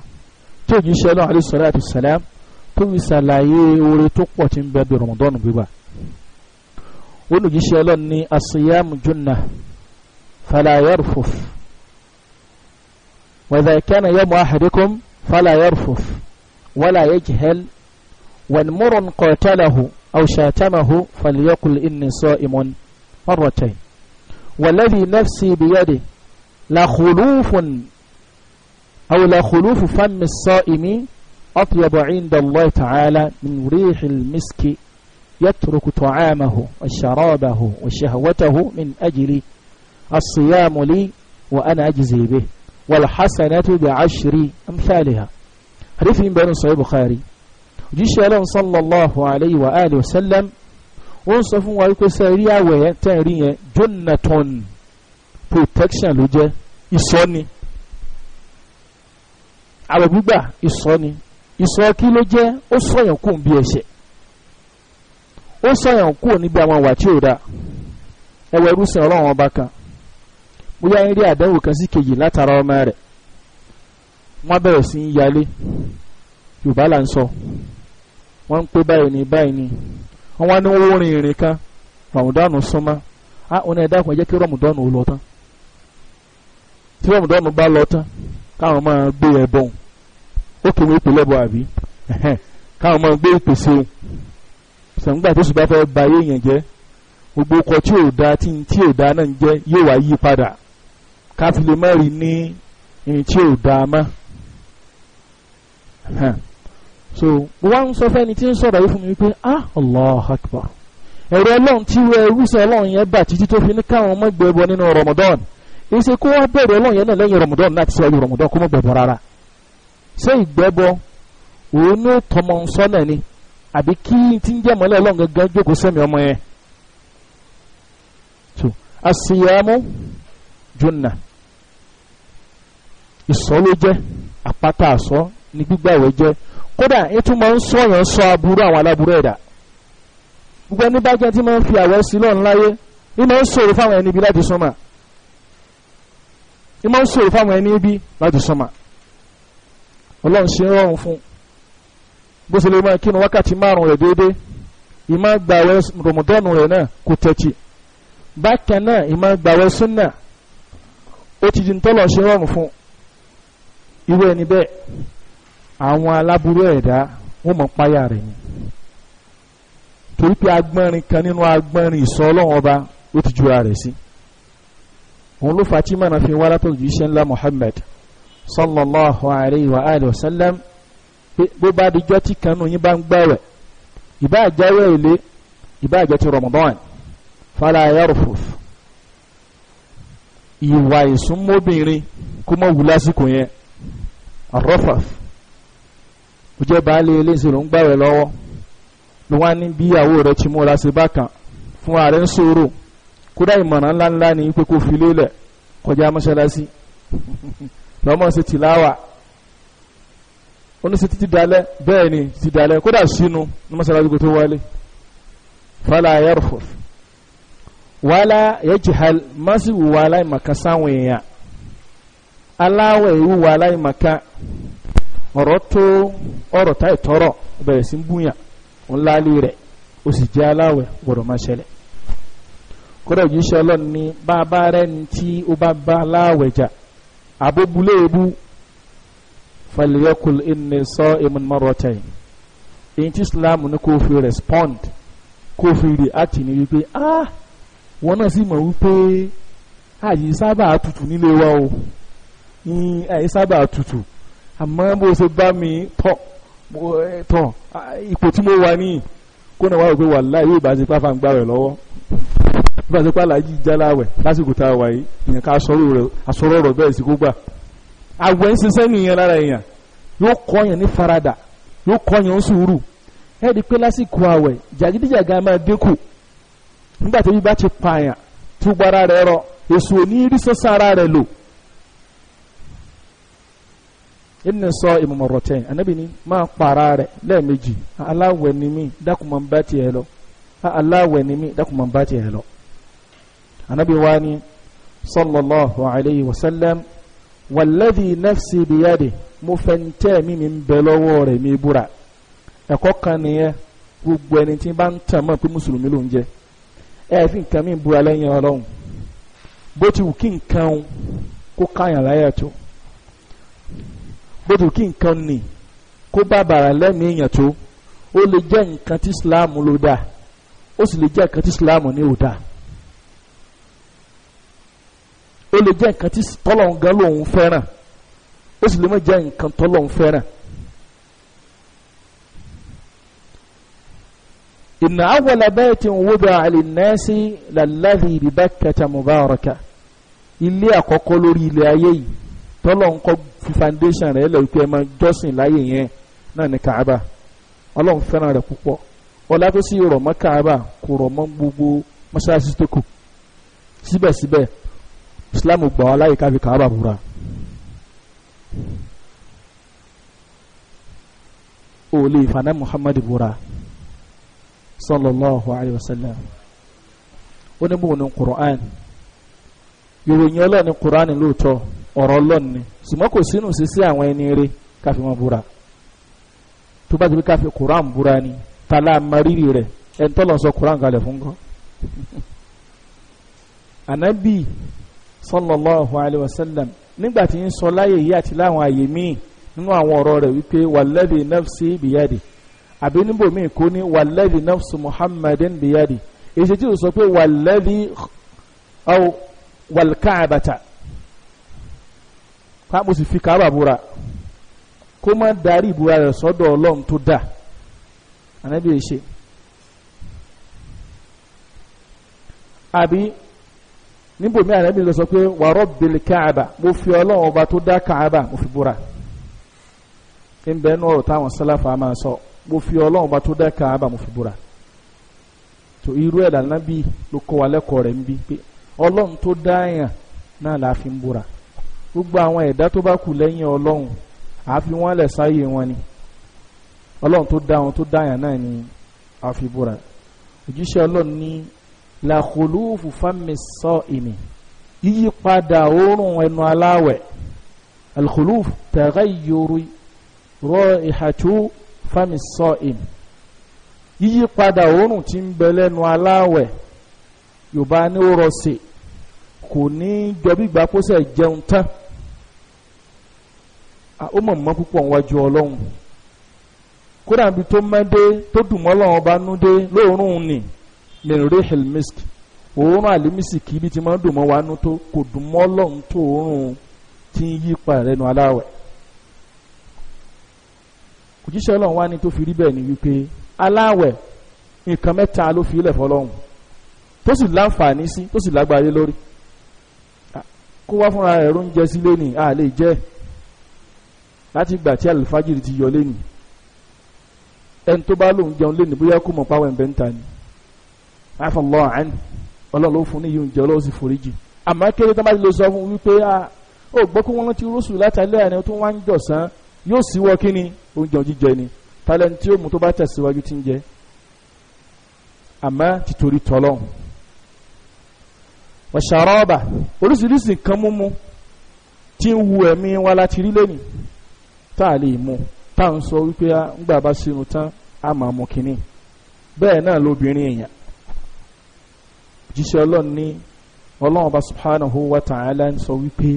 tí òjì ṣe lọ́wọ́ alẹ́ sọ́lá àti sàlám tó fi ṣàlàyé oore tó pọ̀ tí ń bẹ bí rọmọdọ́nù gbígbà. olùjíṣẹ́ ọlọ́run ní asiyam junna fala yarfuf wa idha kana yawmu ahadikum fala yarfuf wala yajhal والمر قاتله أو شاتمه فليقل إني صائم مرتين والذي نفسي بيده لخلوف أو لخلوف فم الصائم أطيب عند الله تعالى من ريح المسك يترك طعامه وشرابه وشهوته من أجل الصيام لي وأنا أجزي به والحسنة بعشر أمثالها حديث بين صحيح بخاري òjíṣẹ́ ọlọ́run sallallahu alayhi wa alayhi wa sallam ó ń sọ fún wa wípé sẹ́ rí àwẹ̀ yẹn tẹ́ rí yẹn jonathan protection ló jẹ́ ìsọ́ni àwẹ̀ gbígbà ìsọ́ni ìsọ́ kí ló jẹ́ ó sọ̀yàn kù bí ẹ̀ṣẹ̀ ó sọ̀yàn kù níbi àwọn àwà tí ò dáa ẹwà irúsìn ọlọ́run ọba kan bóyá ń rí àdánwò kan sí kejì látara ọmọ rẹ̀ wọ́n bẹ̀rẹ̀ sí í yalé yorùbá là ń sọ. So wọ́n ń pé báyìí ní báyìí ní wọ́n wá ní wọ́n rìn ìrìn kan rọ̀mùdọ́nù súnmọ́ á òun ẹ̀dá kan jẹ́ kí rọ̀mùdọ́nù ó lọ tán tí rọ̀mùdọ́nù bá lọ tán káwọn máa gbé ẹ̀bọ̀n ó kì í wọ́n ìpìlẹ̀ bọ̀ àbí káwọn máa gbé ìpèsè sàǹgbà tó sì bá fẹ́ ba yé yẹn jẹ́ gbogbo ọkọ̀ tí ò da tí tí ò da náà ń jẹ́ yóò wá yí padà káfílẹ̀ mẹ́rin ní n tí ò da mọ́ so wọn sọ fẹ́ni tí ń sọ̀rọ̀ yìí fún mi wípé ah allah akbar ẹ̀rọ ọlọ́run tí wọ́n ẹrú sọ ọlọ́run yẹn bà títí tó fi ní káwọn ọmọ gbẹ bọ nínú rọmọdọ́ọ̀nù ìṣe kó wá bẹ̀rẹ̀ ọlọ́run yẹn náà lẹ́yìn rọmọdọ́ọ̀nù láti sọ ẹ̀rọ rọmọdọ́ọ̀nù kó mọ̀ gbẹ̀bọ̀ rárá ṣé ìgbẹ́bọ òun ní tọmọ sọ́nà ni àbí kí tí ń jẹ́ mọ́lẹ̀ ọlọ́run gangan jókòó sẹ́mi ọmọ yẹn so asiyamu junna ìsọ ló jẹ́ àpáta àsọ ní gbígbà ìwé jẹ́ kódà ètò máa ń sọ̀yàn sọ aburú àwọn aláburú ẹ̀dá gbogbo ẹni bá jẹ́ tí máa ń fi àwẹ̀ sí lọ́run láyé ní máa ń sọ̀rọ̀ fáwọn ẹni ibi láti sọ́mà ní máa ń sọ̀rọ̀ fáwọn ẹni ibi láti sọ́mà ọlọ́run ṣe ń rọrùn fún bó ṣe lè máa kí ni wákàtí márùn rẹ̀ déédéé ìmọ̀ gbàwẹ̀ rọ̀mọ̀dọ́nù rẹ̀ náà kò tẹ̀tì bákan náà ìmọ̀ gbàwẹ̀ súnà ó ti di ń tọ́lọ̀ ṣe rọrùn fún irú ẹni bẹ́ẹ̀ àwọn aláburú ẹ̀dá wọ́n mọ̀ páyà rẹ̀ ni torí pé agbọ́nrin kan nínú agbọ́nrin ìsọ ọlọ́run ọba ó ti jura rẹ̀ sí òun ló fa chimana fi wá látọ̀ jíṣẹ́ ńlá Muhammad sallallahu alayhi wa alihi wa sallam bó bá dijọ́ tí kanú yín bá ń gbàwẹ̀ ìbá àjẹwẹ̀ èlé ìbá àjẹ Ramadan fala yarfuf ìwà ìsúnmọ́bìnrin kó mọ̀ wù lásìkò yẹn arrafaf ó jẹ́ baálé eléyìí ló ń gbàwẹ̀ lọ́wọ́ ló wá ní bí ìyàwó rẹ̀ ti múra sí bákan fún ààrẹ ń sọ̀rọ̀ kódà ìmọ̀ràn ńláńlá ni pé kó fi lélẹ̀ kọjá mọ́ṣáláṣí lọ́mọ sí tìláwà ó ní sí títí dalẹ̀ bẹ́ẹ̀ ni ti dalẹ̀ kódà sínú ní mọ́ṣáláṣí kó tó wálé fala yarfur wala yajhal má sì wù wàhálà ìmọ̀kan sáwọn èèyàn aláwẹ̀ ìwù wàhálà ìmọ̀kan ọ̀rọ̀ tó ọ̀rọ̀ táì tọrọ bẹ̀rẹ̀ sí búyàn ńláàlì rẹ̀ ó sì jẹ́ aláwẹ̀ gbọ́dọ̀ máa ṣẹlẹ̀ kódà òjíṣẹ́ ọlọ́run ní bàbá rẹ̀ ní tí ó bá bá aláwẹ̀ jà abóbúléèbú falyakul inni sa'imun marratayn èyí tí islam ní kó fi respond kó fi react ní wípé ah wọn náà sì mọ̀ wípé àyè sábà tutù nílé wa o àyè sábà tutù àmọ́ bó ṣe bá mi tọ̀ eh, tọ̀ ipò tí mo wà ní kó náà wà wípé wà láì yóò bá ṣe pàfà ń gbà rẹ̀ lọ́wọ́ bá ṣe pàlà yìí jáláwẹ̀ lásìkò tá a wà yìí ìyẹn ká àsọ̀rọ̀ ọ̀rọ̀ bẹ́ẹ̀ sí kó gbà àwẹ̀ ń ṣiṣẹ́ nìyẹn lára èèyàn yóò kọ́ yẹn ní farada yóò kọ́ yẹn ń sùúrù ẹ di pé lásìkò àwẹ̀ jàgídíjàgá máa dínkù nígbà tó yí bá ti pààyàn tó gbára rẹ̀ rọ inni sọ ìmọ̀mọ̀rọ̀tẹ́n anabi ni máa kpara rẹ̀ lẹ́ẹ̀mejì aláwẹ̀ ni mí dákùmọ̀ bá tiẹ̀ lọ aláwẹ̀ ni mí dákùmọ̀ bá tiẹ̀ lọ. anabi wa ni sallallahu alayhi wa sallam walladhi nafsi biyade mo fẹ́ntẹ́ mi mi bẹ lọ́wọ́ mi búra ẹ̀kọ́ kan nìyẹn gbogbo ẹni tí bá ń tàn mọ́ pé mùsùlùmí ló ń jẹ ẹ fi mi búra lẹ́yìn ọlọ́run bó ti wù kí nǹkan kó káyàn láyà tó bótú kí nǹkan nì kó bá bàrà lẹ́mìí èèyàn tó ó lè jẹ́ nǹkan tí Islam ló dá ó sì lè jẹ́ nǹkan tí Islam ní ò dá ó lè jẹ́ nǹkan tí tọ́lọ̀hún gan lòun fẹ́ràn ó sì lè má jẹ́ nǹkan tọ́lọ̀hún fẹ́ràn. إن أول بيت وضع للناس للذي ببكة مباركة ilé àkọ́kọ́ lórí ilé ayé yìí tọ́lọ̀ ń kọ́ fi foundation rẹ̀ lẹ̀ wípé ẹ máa jọ́sìn láyè yẹn náà ní Kaaba ọlọ́run fẹ́ràn rẹ̀ púpọ̀ ọlá tó sì rọ̀ mọ́ Kaaba kò rọ̀ mọ́ gbogbo mọ́ṣáláṣí tó kù síbẹ̀síbẹ̀ Islam gbà wá láyè ká Kaaba búra. o lè fana Muhammad búra sallallahu alayhi wa sallam ó ní bóun ní Qur'an ìròyìn ọlọ́run ní Qur'an lóòótọ́ ọ̀rọ̀ ọlọ́run ni ṣùgbọ́n kò sínú sísí àwọn ẹni rẹ káfí wọn búra tó bá ti bí káfí Quran búra ni tala mariri rẹ ẹni tọ́lọ̀ sọ Quran kalẹ̀ fún kọ́ anabi sallallahu alayhi wa sallam nígbà tí ń sọ láyè yìí àti láwọn àyè míì nínú àwọn ọ̀rọ̀ rẹ̀ wípé wàlẹ́dì nafsi bìyàdì àbí níbo míì kó ní wàlẹ́dì nafsi muhammadin bìyàdì èsì tí ó sọ pé wàlẹ́dì wàlkàbàtà pa mo sì fi kábà búra kó má darí ìbúra rẹ̀ sọ́dọ̀ ọlọ́run tó dà ànábì yìí ṣe àbí níbòmí ànábì lọ sọ pé wa rabbil káàbà mo fi ọlọ́run ọba tó dá káàbà mo fi búra nbẹ nù ọ̀rọ̀ táwọn sálàfà máa sọ mo fi ọlọ́run ọba tó dá káàbà mo fi búra tó irú ẹ̀ lànà bí ló kọ́ wa lẹ́kọ̀ọ́ rẹ̀ ń bí pé ọlọ́run tó dá yàn náà la búra gbogbo àwọn ẹ̀dá tó bá kù lẹ́yìn ọlọ́run àfi wọ́n lẹ̀ sáyé wọn ni ọlọ́run tó dá wọn tó dá yàn náà ni àfibúra òjíṣẹ́ ọlọ́run ní làkòlúùfù fámisọ ìmì yíyípadà òórùn ẹnu aláwẹ̀ alkhuluf taghayyuru raihatu fami sa'im yíyípadà òórùn tí ń bẹ lẹ́nu aláwẹ̀ yorùbá ní ó rọ̀ṣẹ̀ kò ní jọ bí gbàpọ́sẹ̀ jẹun tán ó mọ̀ mọ́ púpọ̀ níwájú ọlọ́run kódà bí tó mọ́ dé tó dùn mọ́ lọ́wọ́ bá nú dé lóòórùn nì min rihil misk òórùn àlímísì kì í bí ti máa dùn mọ́ wa nú tó kò dùn mọ́ lọ́hún tó òórùn tí ń yí pa rẹ̀ aláwẹ̀ òjíṣẹ́ ọlọ́run wá ní tó fi rí bẹ́ẹ̀ ni wípé aláwẹ̀ nǹkan mẹ́ta ló fi ilẹ̀ fọlọ́hún tó sì láǹfààní sí tó sì lágbára lórí kó wá fúnra ẹ̀rọ ń jẹ sílé ni a jẹ́ ẹ̀ láti ìgbà tí àlùfájìrì ti yọ lẹ́nu ẹni tó bá lóun jẹun lẹ́nu bóyá kó mọ̀ páwọn ẹ̀bẹ̀ ń ta ni àfọlọ́ àánì ọlọ́run ló fún ní yìí oúnjẹ ọlọ́run sì foríjì àmọ́ kéré tó bá ti lè sọ fún wípé a ó gbọ́ kó wọ́n ti rúṣù látàlẹ́ àná tó wá ń jọ̀sán yóò síwọ́ kí ni oúnjẹ jíjẹ ni talent tí ó mú tó bá tẹ̀síwájú ti ń jẹ àmọ́ títorí tọ́lọ́hún wàṣàrọ́ọ̀bà oríṣiríṣi nǹkan múmu ti ń wu ẹ̀mí wa láti rí lónìí tá a lè mu tá à ń sọ wípé ah, ńgbà bá sínú tán lobiri máa mu kínní bẹ́ẹ̀ náà lóbìnrin èèyàn jíṣẹ́ ọlọ́run ní ọlọ́run ọba subhanahu wa ta'ala ń sọ wípé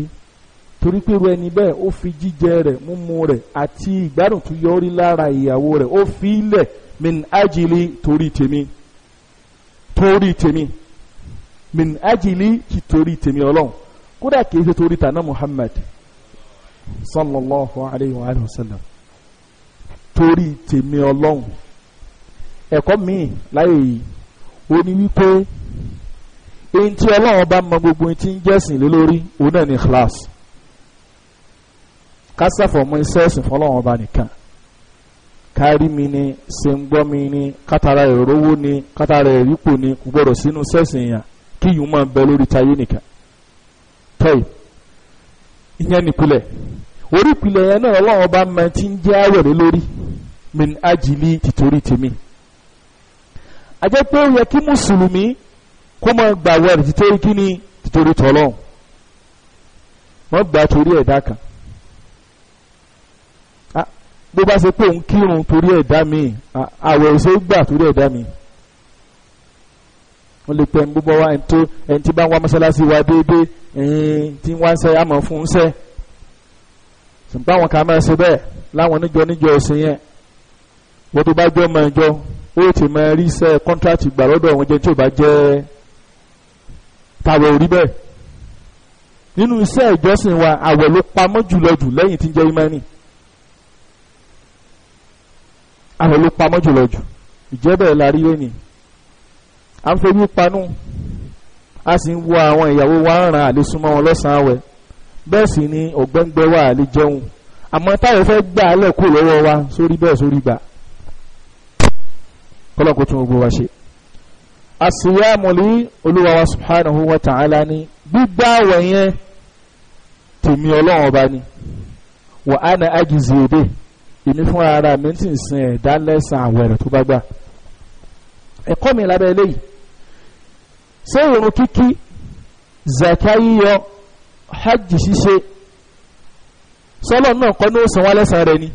torí pé ẹni bẹ́ẹ̀ ó fi jíjẹ rẹ̀ múmu rẹ̀ àti ìgbádùn tó yọrí lára ìyàwó rẹ̀ ó fi ilẹ̀ min ajili torí tèmi torí tèmi min ajili kì torí tèmi ọlọ́run kódà kìí ṣe torí sallallahu alayhi wa sallam torí tèmi ọlọ́run ẹ̀kọ́ míì láyé yìí ó ní wípé eyín tí ọlọ́run bá mọ gbogbo eyín tí ń jẹ́sìn lé lórí òun náà ní ikhlas kásàfọ̀ mọ iṣẹ́ ẹ̀sìn fọlọ́run ọba nìkan kárí mi ni ṣe ń gbọ́ mi ni kátàrà ìrówó ni kátàrà ìrípò ni gbọ́dọ̀ sínú sẹ́sìn yẹn kí yìí máa bẹ lórí tayé nìkan tẹ́yì ìyẹn nìkulẹ̀ orí ìpìlẹ̀ yẹn náà ọlọ́run ọba máa ti ń jẹ́ àwẹ̀rẹ̀ lórí min ajili tìtorí tèmi a jẹ́ pé ó yẹ kí mùsùlùmí kó máa gbà wẹ̀rẹ̀ tìtorí kíni tìtorí tọ́lọ́hún wọ́n gbà torí ẹ̀dá kan ah, bó bá ṣe pé òun kírun torí ẹ̀dá mi ah, àwẹ̀ òṣè gbà torí ẹ̀dá mi wọ́n lè pẹ́ ń gbọ́ wá ẹni tí bá ń wá mọ́sálásí wa déédéé ẹ̀yìn tí wọ́n ń sẹ́ fún un ṣùgbọ́n àwọn kan máa ṣe bẹ́ẹ̀ láwọn níjọ níjọ ẹ̀sìn yẹn wọ́n tó bá jọ́ mọ ìjọ ó ti máa rí iṣẹ́ kọ́ńtrátì gbà lọ́dọ̀ àwọn jẹ́ tí ò bá jẹ́ tàwẹ̀ òrí bẹ́ẹ̀ nínú iṣẹ́ ìjọsìn wa àwẹ̀ ló pamọ́ jùlọ jù lẹ́yìn tí ń jẹ́ imani àwẹ̀ ló pamọ́ jùlọ jù ìjẹ́ la rí lónìí à ń fojú panú a sì ń wo àwọn ìyàwó wa ń ran àlè súnmọ́ wọn lọ́sàn-án wẹ̀ bẹ́ẹ̀ sì ni ọ̀gbẹ́ngbẹ́ wa àlè jẹun àmọ́ táyọ̀ fẹ́ gbà á lẹ̀ kó lọ́wọ́ wa sórí bẹ́ẹ̀ sórí gbà kọ́lọ́kù tún gbogbo wa ṣe. àṣìyàmùlí olúwa wa subhanahu wa ta'ala ni gbígbà àwẹ̀ yẹn tèmi ọlọ́run ọba ni wà á na ájìzì èdè èmi fúnra ara mi ti ń sin ẹ̀dá lẹ́sàn àwẹ̀rẹ̀ tó bá gbà ẹ̀kọ́ mi lábẹ́ eléyìí ṣé ìrun kíkí zaka yíyọ hajj ṣíṣe sọlọ náà kọ́ ní ó san wá lẹ́sàn rẹ̀ ni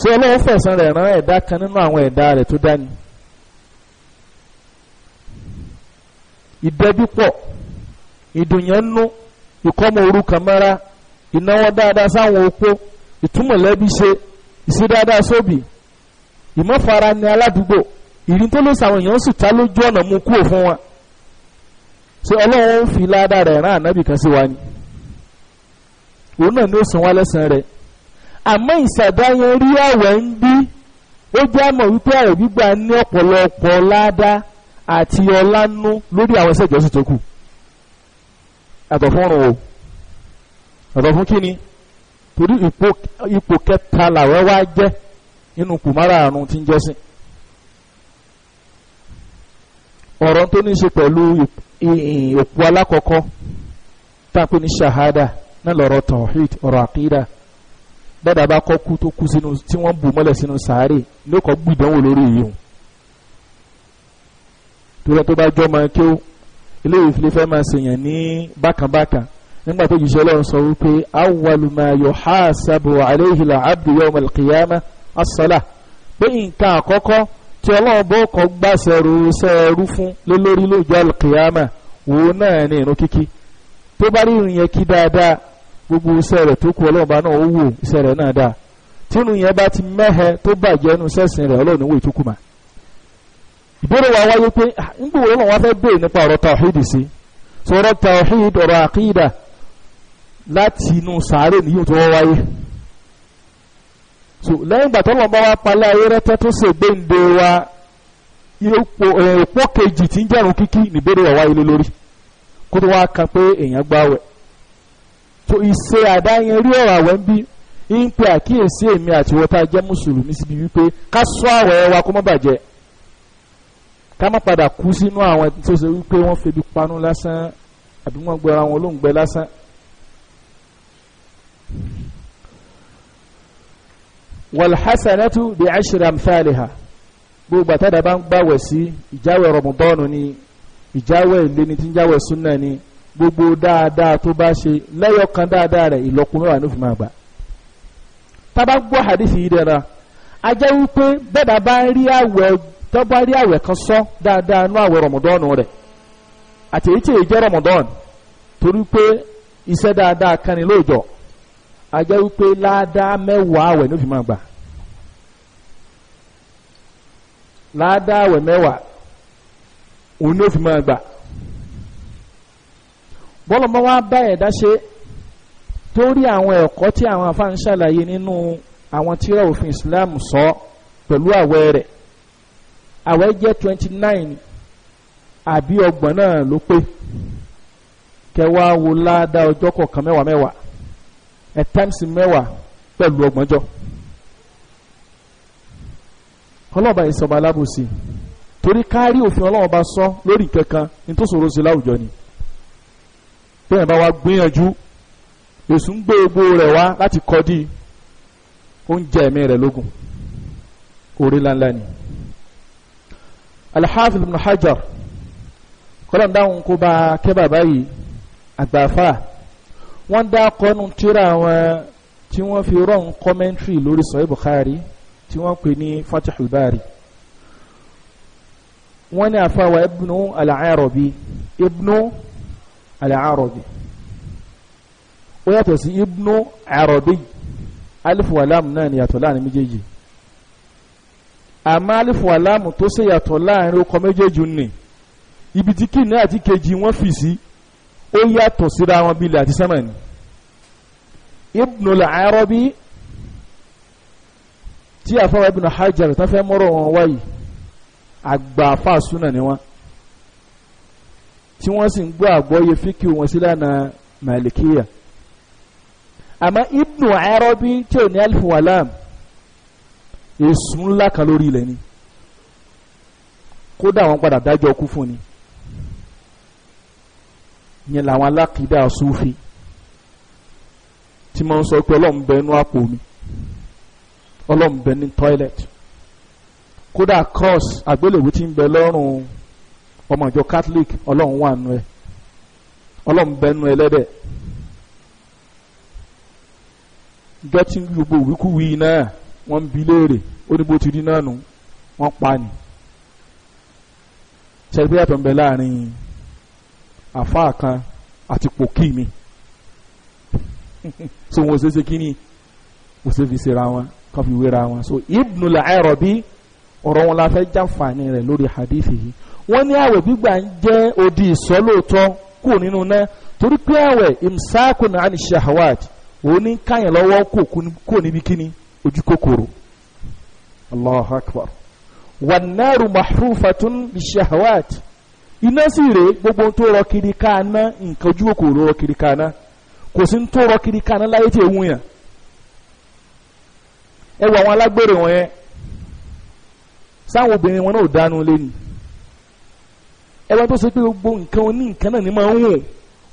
ṣé ọlọ́run fẹ̀sán rẹ̀ rán ẹ̀dá kan nínú àwọn ẹ̀dá rẹ̀ tó dání ìdẹ́bí pọ̀ ìdùnyẹ́nu ìkọ́mọ orúkọ mẹ́ra ìnáwó dáadáa sáwọn opó ìtúmọ̀lẹ́bí ṣe ìṣe dáadáa sóbì ìmọ̀fara ni aládùúgbò ìrìn tó ló sàwọn èèyàn sùtá lójú ọ̀nà mú kúrò fún wa ṣé ọlọ́run ń fi ládàá rẹ̀ rán ànábì kan sí wa ni òun náà ni ó sàn wá lẹ́sàn rẹ̀ àmọ́ ìsàdáyẹn rí àwẹ̀ ń bí ó jẹ́ àmọ̀ wípé àwẹ̀ gbígbà ní ọ̀pọ̀lọpọ̀ ládàá àti ọlánú lórí àwọn ẹsẹ̀ ìjọsìn tó kù àtọ̀ o àtọ̀ fún kíni torí ipò kẹta làwẹ̀ wá jẹ́ nínú kùmárà àrùn tí ń jọ́sìn ọ̀rọ̀ tó ní ṣe pẹ̀lú òpó alákọ̀ọ́kọ́ tápé ní ṣahada náà lọ́rọ̀ tawhid ọ̀rọ̀ àkídà bẹ́ẹ̀ bá kọ́ kú tó kú sínú tí wọ́n bù mọ́lẹ̀ sínú sàárè ló kọ́ gbìdánwò lórí yìí torí tó bá jọmọ kí ó ilé ìfilé fẹ́ máa ṣèyàn ní bákàbákà nígbà tó jìṣẹ́ lọ́run sọ wípé awwalu ma yuhasabu alayhi la abdu yawm al-qiyamah as-salah pé nǹkan àkọ́kọ́ tí ọlọ́run kọ kọ́ gbàṣẹrù sẹ́ẹ̀rú fún lélórí lọ́jọ́ alkiyama òun náà ní irun kíkí tó bá rí irun yẹn kí dáadáa gbogbo iṣẹ́ rẹ̀ tó náà ó wò iṣẹ́ rẹ̀ náà yẹn bá ti mẹ́hẹ tó bàjẹ́ inú sẹ́sìn rẹ̀ ìbéèrè wa wáyé pé ah, nígbà wo fẹ́ nípa ọ̀rọ̀ tawhid sàárè níyì so lẹ́yìn ìgbà tọ́lọ́ bá wá palẹ̀ ayé rẹ́tẹ́ tó ṣe gbéǹde wa eh, òpó kejì tí ń jẹ́rùn kíkí níbèrè ọ̀wá ilé lórí kó tó wá kan pé èèyàn gbáwẹ̀ tó ìṣe àdáyẹnrí ọ̀rọ̀ àwẹ̀ ń bí ń pe àkíyèsí èmi àti wọ́tá jẹ́ mùsùlùmí síbi wípé ká sọ àwẹ̀ wa kó má bàjẹ́ ká má padà kú sínú àwọn tó ṣe wípé wọ́n febi panu lásán àbí wọ́n gbẹ́ra walhassanatu bi ashra amthaliha gbogbo àtàdà bá ń gbàwẹ̀ sí ìjáwẹ̀ rọmọdọ́ọ̀nù ni ìjáwẹ̀ ìléni tí ń jáwẹ̀ súnà ni gbogbo dáadáa tó bá ṣe lẹ́yọ̀kan dáadáa rẹ̀ ìlọ́kùn mẹ́wàá ní òfin àgbà. tábà gbọ́ hadithi yìí dára a wípé bẹ́ẹ̀ bá rí àwẹ̀ tó rí àwẹ̀ kan sọ dáadáa nú àwẹ̀ rọmọdọ́ọ̀nù rẹ̀ àti èyí jẹ́ rọmọdọ́ọ̀nù torí pé iṣẹ́ dáadáa kan ni lóòjọ́ a jẹ́ wípé ládàá mẹ́wàá àwẹ̀ ló fi máa gbà ládàá àwẹ̀ mẹ́wàá òun ló fi máa gbà bọ́lọ̀mọ́ wá bá ẹ̀dá ṣe torí àwọn ẹ̀kọ́ tí àwọn afá ń ṣàlàyé nínú àwọn tírà òfin Islam sọ pẹ̀lú àwẹ̀ rẹ̀ àwẹ̀ jẹ́ twenty nine àbí ọgbọ̀n náà ló pé kẹwàá wo ládàá ọjọ́ kọ̀ọ̀kan mẹ́wàá mẹ́wàá ẹ̀ times mẹ́wàá pẹ̀lú ọgbọ̀njọ́ ọlọ́ọ̀bá yìí sọ̀bà alábòsí torí kárí òfin ọlọ́ọ̀bá sọ lórí kankan ní tó ṣòro sí láwùjọ ni bẹ́ẹ̀ bá wa gbìyànjú èsù ń gbé egbò rẹ̀ wá láti kọ́ dí oúnjẹ ẹ̀mí rẹ̀ lógun orí ńláńlá ni alhafiz ibn hajar kọ́lá kó bá kẹ́ bàbá yìí àgbàfà wọ́n dá kọ́nù tíra wọn tí wọ́n fi rọ́n kọ́mẹ́ntìrì lórí sọ́yìn Bukhari tí wọ́n pè ní Fatihul Bari wọ́n ní àfàwà ibnu al-Arabi ibnu al-Arabi ó yàtọ̀ sí ibnu Arabi alif wàlámù náà ni yàtọ̀ láàrin méjèèjì àmọ́ alif wàlámù tó ṣe yàtọ̀ láàrin ọkọ̀ méjèèjì ni ibi tí kìnnìún àti kejì wọ́n fi sí. Si ó yàtọ̀ síra wọn bílẹ̀ àti sánmà ni Ibnul Arabi tí àfáwà Ibn Hajar tán fẹ́ mọ́rọ̀ wọn wáyìí àgbà fàásùnà ni wọn tí wọ́n sì ń gbọ́ àgbọ́yé fíkì wọn sí lánàá màlìkíyà àmọ́ Ibnu Arabi tí ò ní alifu wàlám èsùn ńlá kan lórí ilẹ̀ ni kódà wọn padà dájọ́ kú fún ni yẹn làwọn alákìídá sufi tí wọ́n sọ pé ọlọ́run bẹ inú àpò mi ọlọ́run bẹ ní toilet kódà cross àgbélébùú tí ń bẹ lọ́rùn ọmọ ìjọ catholic ọlọ́run wà nù ẹ ọlọ́run bẹ nù ẹlẹ́dẹ̀ gẹ́tí gbogbo wíkúwí náà wọ́n ń bi léèrè ó ní bó ti rí náà nù wọ́n pa ni ṣẹ́gbẹ́ ń bẹ láàrin yìí àfáà kan àti pòkì mi so wọn ò ṣe ṣe kí ni ṣe fi ṣera wọn kọ́ fi wéra wọn so Ibn al-Arabi ọ̀rọ̀ wọn la fẹ́ jàǹfààní rẹ̀ lórí hadith yìí wọ́n ní àwẹ̀ gbígbà ń jẹ́ odi ìsọ́lóòtọ́ kù nínú náà torí pé àwẹ̀ imsakun ani shahawat òun ní káyàn lọ́wọ́ kò níbi kíni ojú kòkòrò Allahu akbar wan naru mahrufatun bi shahawat iná sì rèé gbogbo tó rọ kiri ká ná nǹkan ojú kò rọ kiri ká ná kò sí tó rọ kiri ká ná láyé tí ewu yàn ẹ wọ àwọn alágbèrè wọn yẹn sáwọn obìnrin wọn náà dánú lẹ́nu ẹ bá tó ṣe pé gbogbo nǹkan oní nǹkan náà ni máa ń wò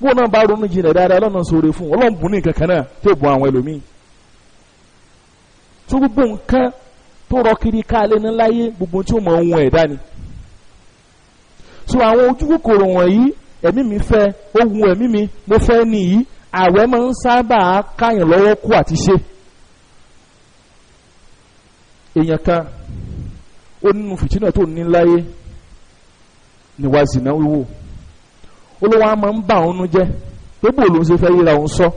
wọn náà bá ronú jinlẹ̀ dáadáa ọlọ́run sọ̀rọ̀ fún wọn ọlọ́run bùn ní nǹkan kan náà tí ò àwọn ẹlòmíì tó gbogbo nǹkan tó rọ kiri ká lẹ́nu láyé gbogbo tí ó máa ń wọ ẹ̀dá ni so àwọn ojú kòkòrò wọ̀nyí ẹ̀mí mi fẹ́ ohun ẹ̀mí mi mo fẹ́ nìyí àwẹ̀ máa ń sábà káyàn lọ́wọ́ kú àti ṣe èèyàn kan ó nínú fìtínà tó ní láyé níwá zìnà wíwò olówó a máa ń bà òun jẹ́ pé bò ló ń ṣe fẹ́ yíra òun sọ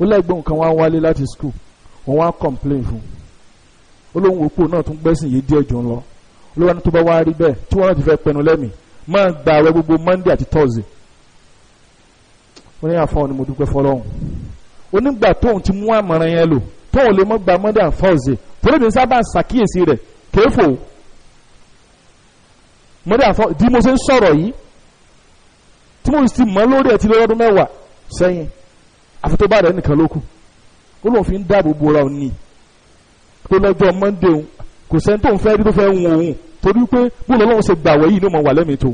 ó lẹ́gbọ̀n nǹkan wá wálé láti skul òun á complain fún olóhùn òpó náà tún gbẹ́sìn yìí díẹ̀ jù ń lọ olówó ni tó bá wá rí bẹ́ẹ̀ tí wọ́n ti fẹ́ pẹnu lẹ́mìí máa gba àwẹ̀ gbogbo monday àti thursday wọ́n ní àfọwọ́n ni mo dúpẹ́ fọlọ́hún onígbà tóun ti mú àmọ̀ràn yẹn lò tóun lè mọ́ gba monday and thursday torí mi sábà ń ṣàkíyèsí rẹ̀ kéfò monday and thursday di mo ṣe ń sọ̀rọ̀ yìí tí mo sì mọ́ lórí ẹ̀ ti lọ́dún mẹ́wàá sẹ́yìn àfi tó bá rẹ̀ nìkan ló kù ó lóun fi ń dáàbò bo ra òun ni pé lọ́jọ́ monday kò sẹ́ni tóun fẹ́ rí tó fẹ́ ń wọ òun torí pé bóun ọlọ́run ṣe gbàwẹ̀ yìí ló mọ̀ wà lẹ́mìí tó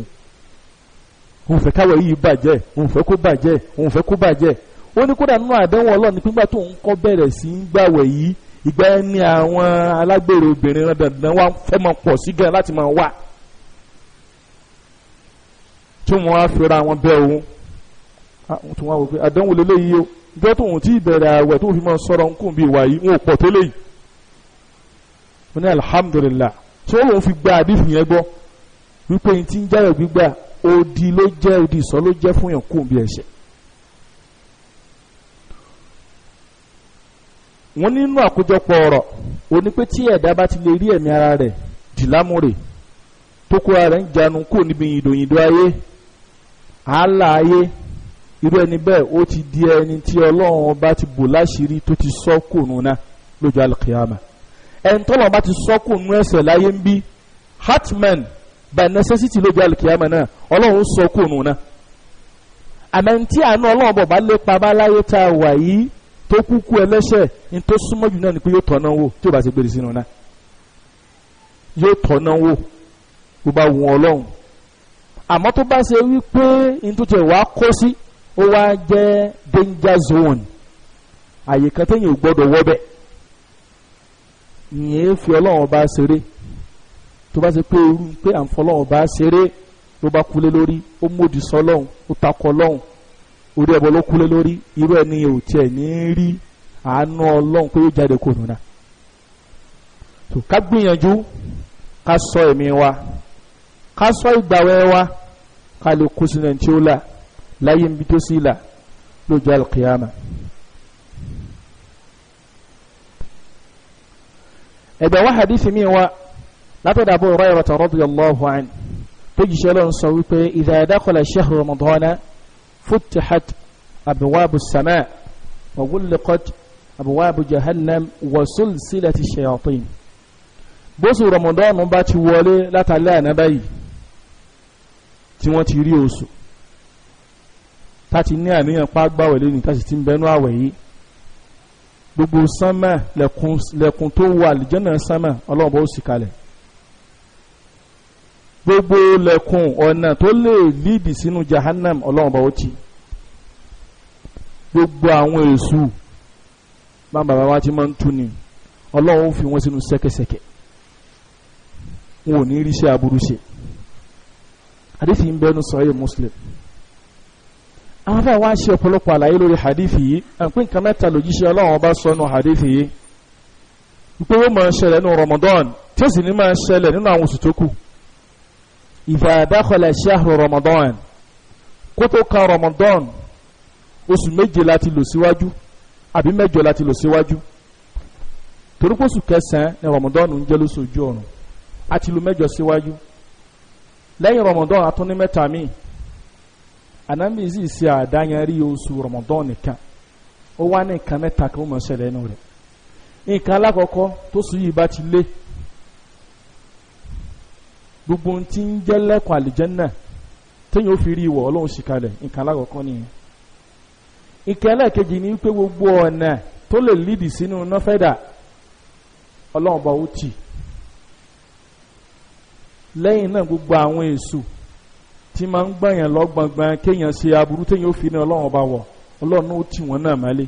òun fẹ́ káwẹ̀ yìí bàjẹ́ òun fẹ́ kó bàjẹ́ òun fẹ́ kó bàjẹ́ ó ní kódà nínú àdéhùn ọlọ́run nígbà tó ń kọ́ bẹ̀rẹ̀ sí í gbàwẹ̀ yìí ìgbà yẹn ni àwọn alágbèrè obìnrin náà dandan wá fẹ́ máa pọ̀ sí gan láti máa wà tí wọ́n á fira wọn bẹ́ òun tí ah, wọ́n á wò pé àdéhùn lélẹ́yìí o ìjọ tóun tí ìbẹ̀rẹ̀ àwẹ̀ tó fi máa tí wọ́n fi gba àdìsí yẹn gbọ́ wípé ní ti ń jáyọ̀ gbígbà odi ló jẹ́ odi ìsọ ló jẹ́ fún yàn kó bí ẹ̀ṣẹ̀. wọ́n nínú àkójọpọ̀ ọ̀rọ̀ oní pé tí ẹ̀dá bá ti lè rí ẹ̀mí ara rẹ̀ dìlámúrè tó kó ara rẹ̀ ń janu kó níbi yìndòyìndò ayé àálà ayé irú ẹni bẹ́ẹ̀ ó ti di ẹni tí ọlọ́run ọba ti bò láṣìírí tó ti sọ kónú náà lójú àlùkìyàmà ẹ̀ńtọ́lọ̀ bá ti sọ́kù nú ẹsẹ̀ láyé ń bí hatman by necessity ló jẹ́ alùkìyàmọ̀ náà ọlọ́run sọ́kù nù náà àmẹ́ntí àánú ọlọ́run bọ̀ bá lépa bá láyé tá a wà yìí tó kúkú ẹlẹ́ṣẹ̀ ní tó súnmọ́ jù náà ni pé yóò tọ̀ náà wò tí ò bá ti gbèrè sínú náà yóò tọ̀ náà wò bó bá wù ọlọ́run àmọ́ tó bá ṣe wí pé ní tó tẹ̀ sí ó wá jẹ́ danger zone àyè kan téèyàn ò gbọ́dọ̀ wọ́bẹ̀ẹ́ ìyẹn fi ọlọ́run ọba ṣeré tó bá ṣe pé irú pé à ń fọ ọlọ́run ọba ṣeré ló bá kulé lórí ó mòdì sọ ọlọ́run ó takọ ọlọ́run orí ẹbọ ló kulé lórí irú ẹni ò tiẹ̀ ní rí àánú ọlọ́run pé ó jáde kò nùnà tó ká gbìyànjú ká ṣọ́ ẹ̀mí wa ká ṣọ́ ìgbàwẹ̀ wa ká lè kó sínú ẹni tí ó là láyé ń tó sí là lójú àlùkìyàmà. ẹ̀dẹ̀ wá hadith mi wá látọ̀dọ̀ Abu Hurayrah radiyallahu anhu tó jíṣẹ́ lọ́n sọ wípé idha dakhala shahru Ramadana futihat abwabu as-sama' wa ghulliqat abwabu jahannam wa sulsilati ash-shayatin bóṣù Ramadan bá ti wọlé látàlẹ́ àná báyìí tí wọ́n ti rí oṣù tá ti ní àníyàn pa gbàwẹ̀ lónìí tá sì ti ń bẹnu àwẹ̀ yìí gbogbo sánmà lẹ́kùn lẹ́kùn tó wà àlìjẹ́nà sánmà ọlọ́run bó sì kalẹ̀ gbogbo lẹ́kùn ọ̀nà tó lè líìdì sínú jahannam ọlọ́run bó ti gbogbo àwọn èṣù bá bàbá wa ti máa ń tú ni ọlọ́run fi wọ́n sínú sẹ́kẹsẹ́kẹ́ wọn ò ní ríṣẹ́ aburú ṣe àdéhìí ń bẹ́ẹ̀ ní sọ̀rọ̀ yìí muslim àwọn afẹ́ wa ṣe ọ̀pọ̀lọpọ̀ àlàyé lórí hadith yìí àpé nǹkan mẹ́ta lòjíṣẹ́ ọlọ́run ọba sọ nù hadith yìí wípé ó máa ṣẹlẹ̀ nù Ramadan tí ó sì ní máa ṣẹlẹ̀ nínú àwọn oṣù tó kù idha dakhala shahru Ramadan kó tó ka Ramadan oṣù méje láti lò síwájú àbí mẹ́jọ láti lò síwájú torí pé oṣù kẹsàn-án ni Ramadan ń jẹ́ lóṣù ojú ọ̀run àti lu mẹ́jọ síwájú lẹ́yìn Ramadan a tún míì anambi si si a danyari yɛ osu rɔmɔdɔn nìkan ó wá ní nǹkan mẹ́ta kí ó mọ̀ ṣẹlẹ̀ inú rẹ̀ nǹkan alákọ̀ọ́kọ́ tó sùn yìí bá ti lé gbogbo ohun ń jẹ́ lẹ́kọ̀ọ́ àlìjẹ́nà téèyàn ó fi rí ìwọ̀ ọlọ́run sì kalẹ̀ nǹkan alákọ̀ọ́kọ́ nìyẹn nǹkan ẹlẹ́ẹ̀kejì ni wípé gbogbo ọ̀nà tó lè lídì sínú nọ́fẹ̀dà ọlọ́run bá ó tì lẹ́yìn náà gbogbo àwọn èṣù tí máa ń gbàyàn lọ́gbọ̀ngbọ̀n kéèyàn ṣe aburú téèyàn ó fi ní ọlọ́run ọba wọ̀ ọlọ́run ó tì wọ́n náà mọ́lé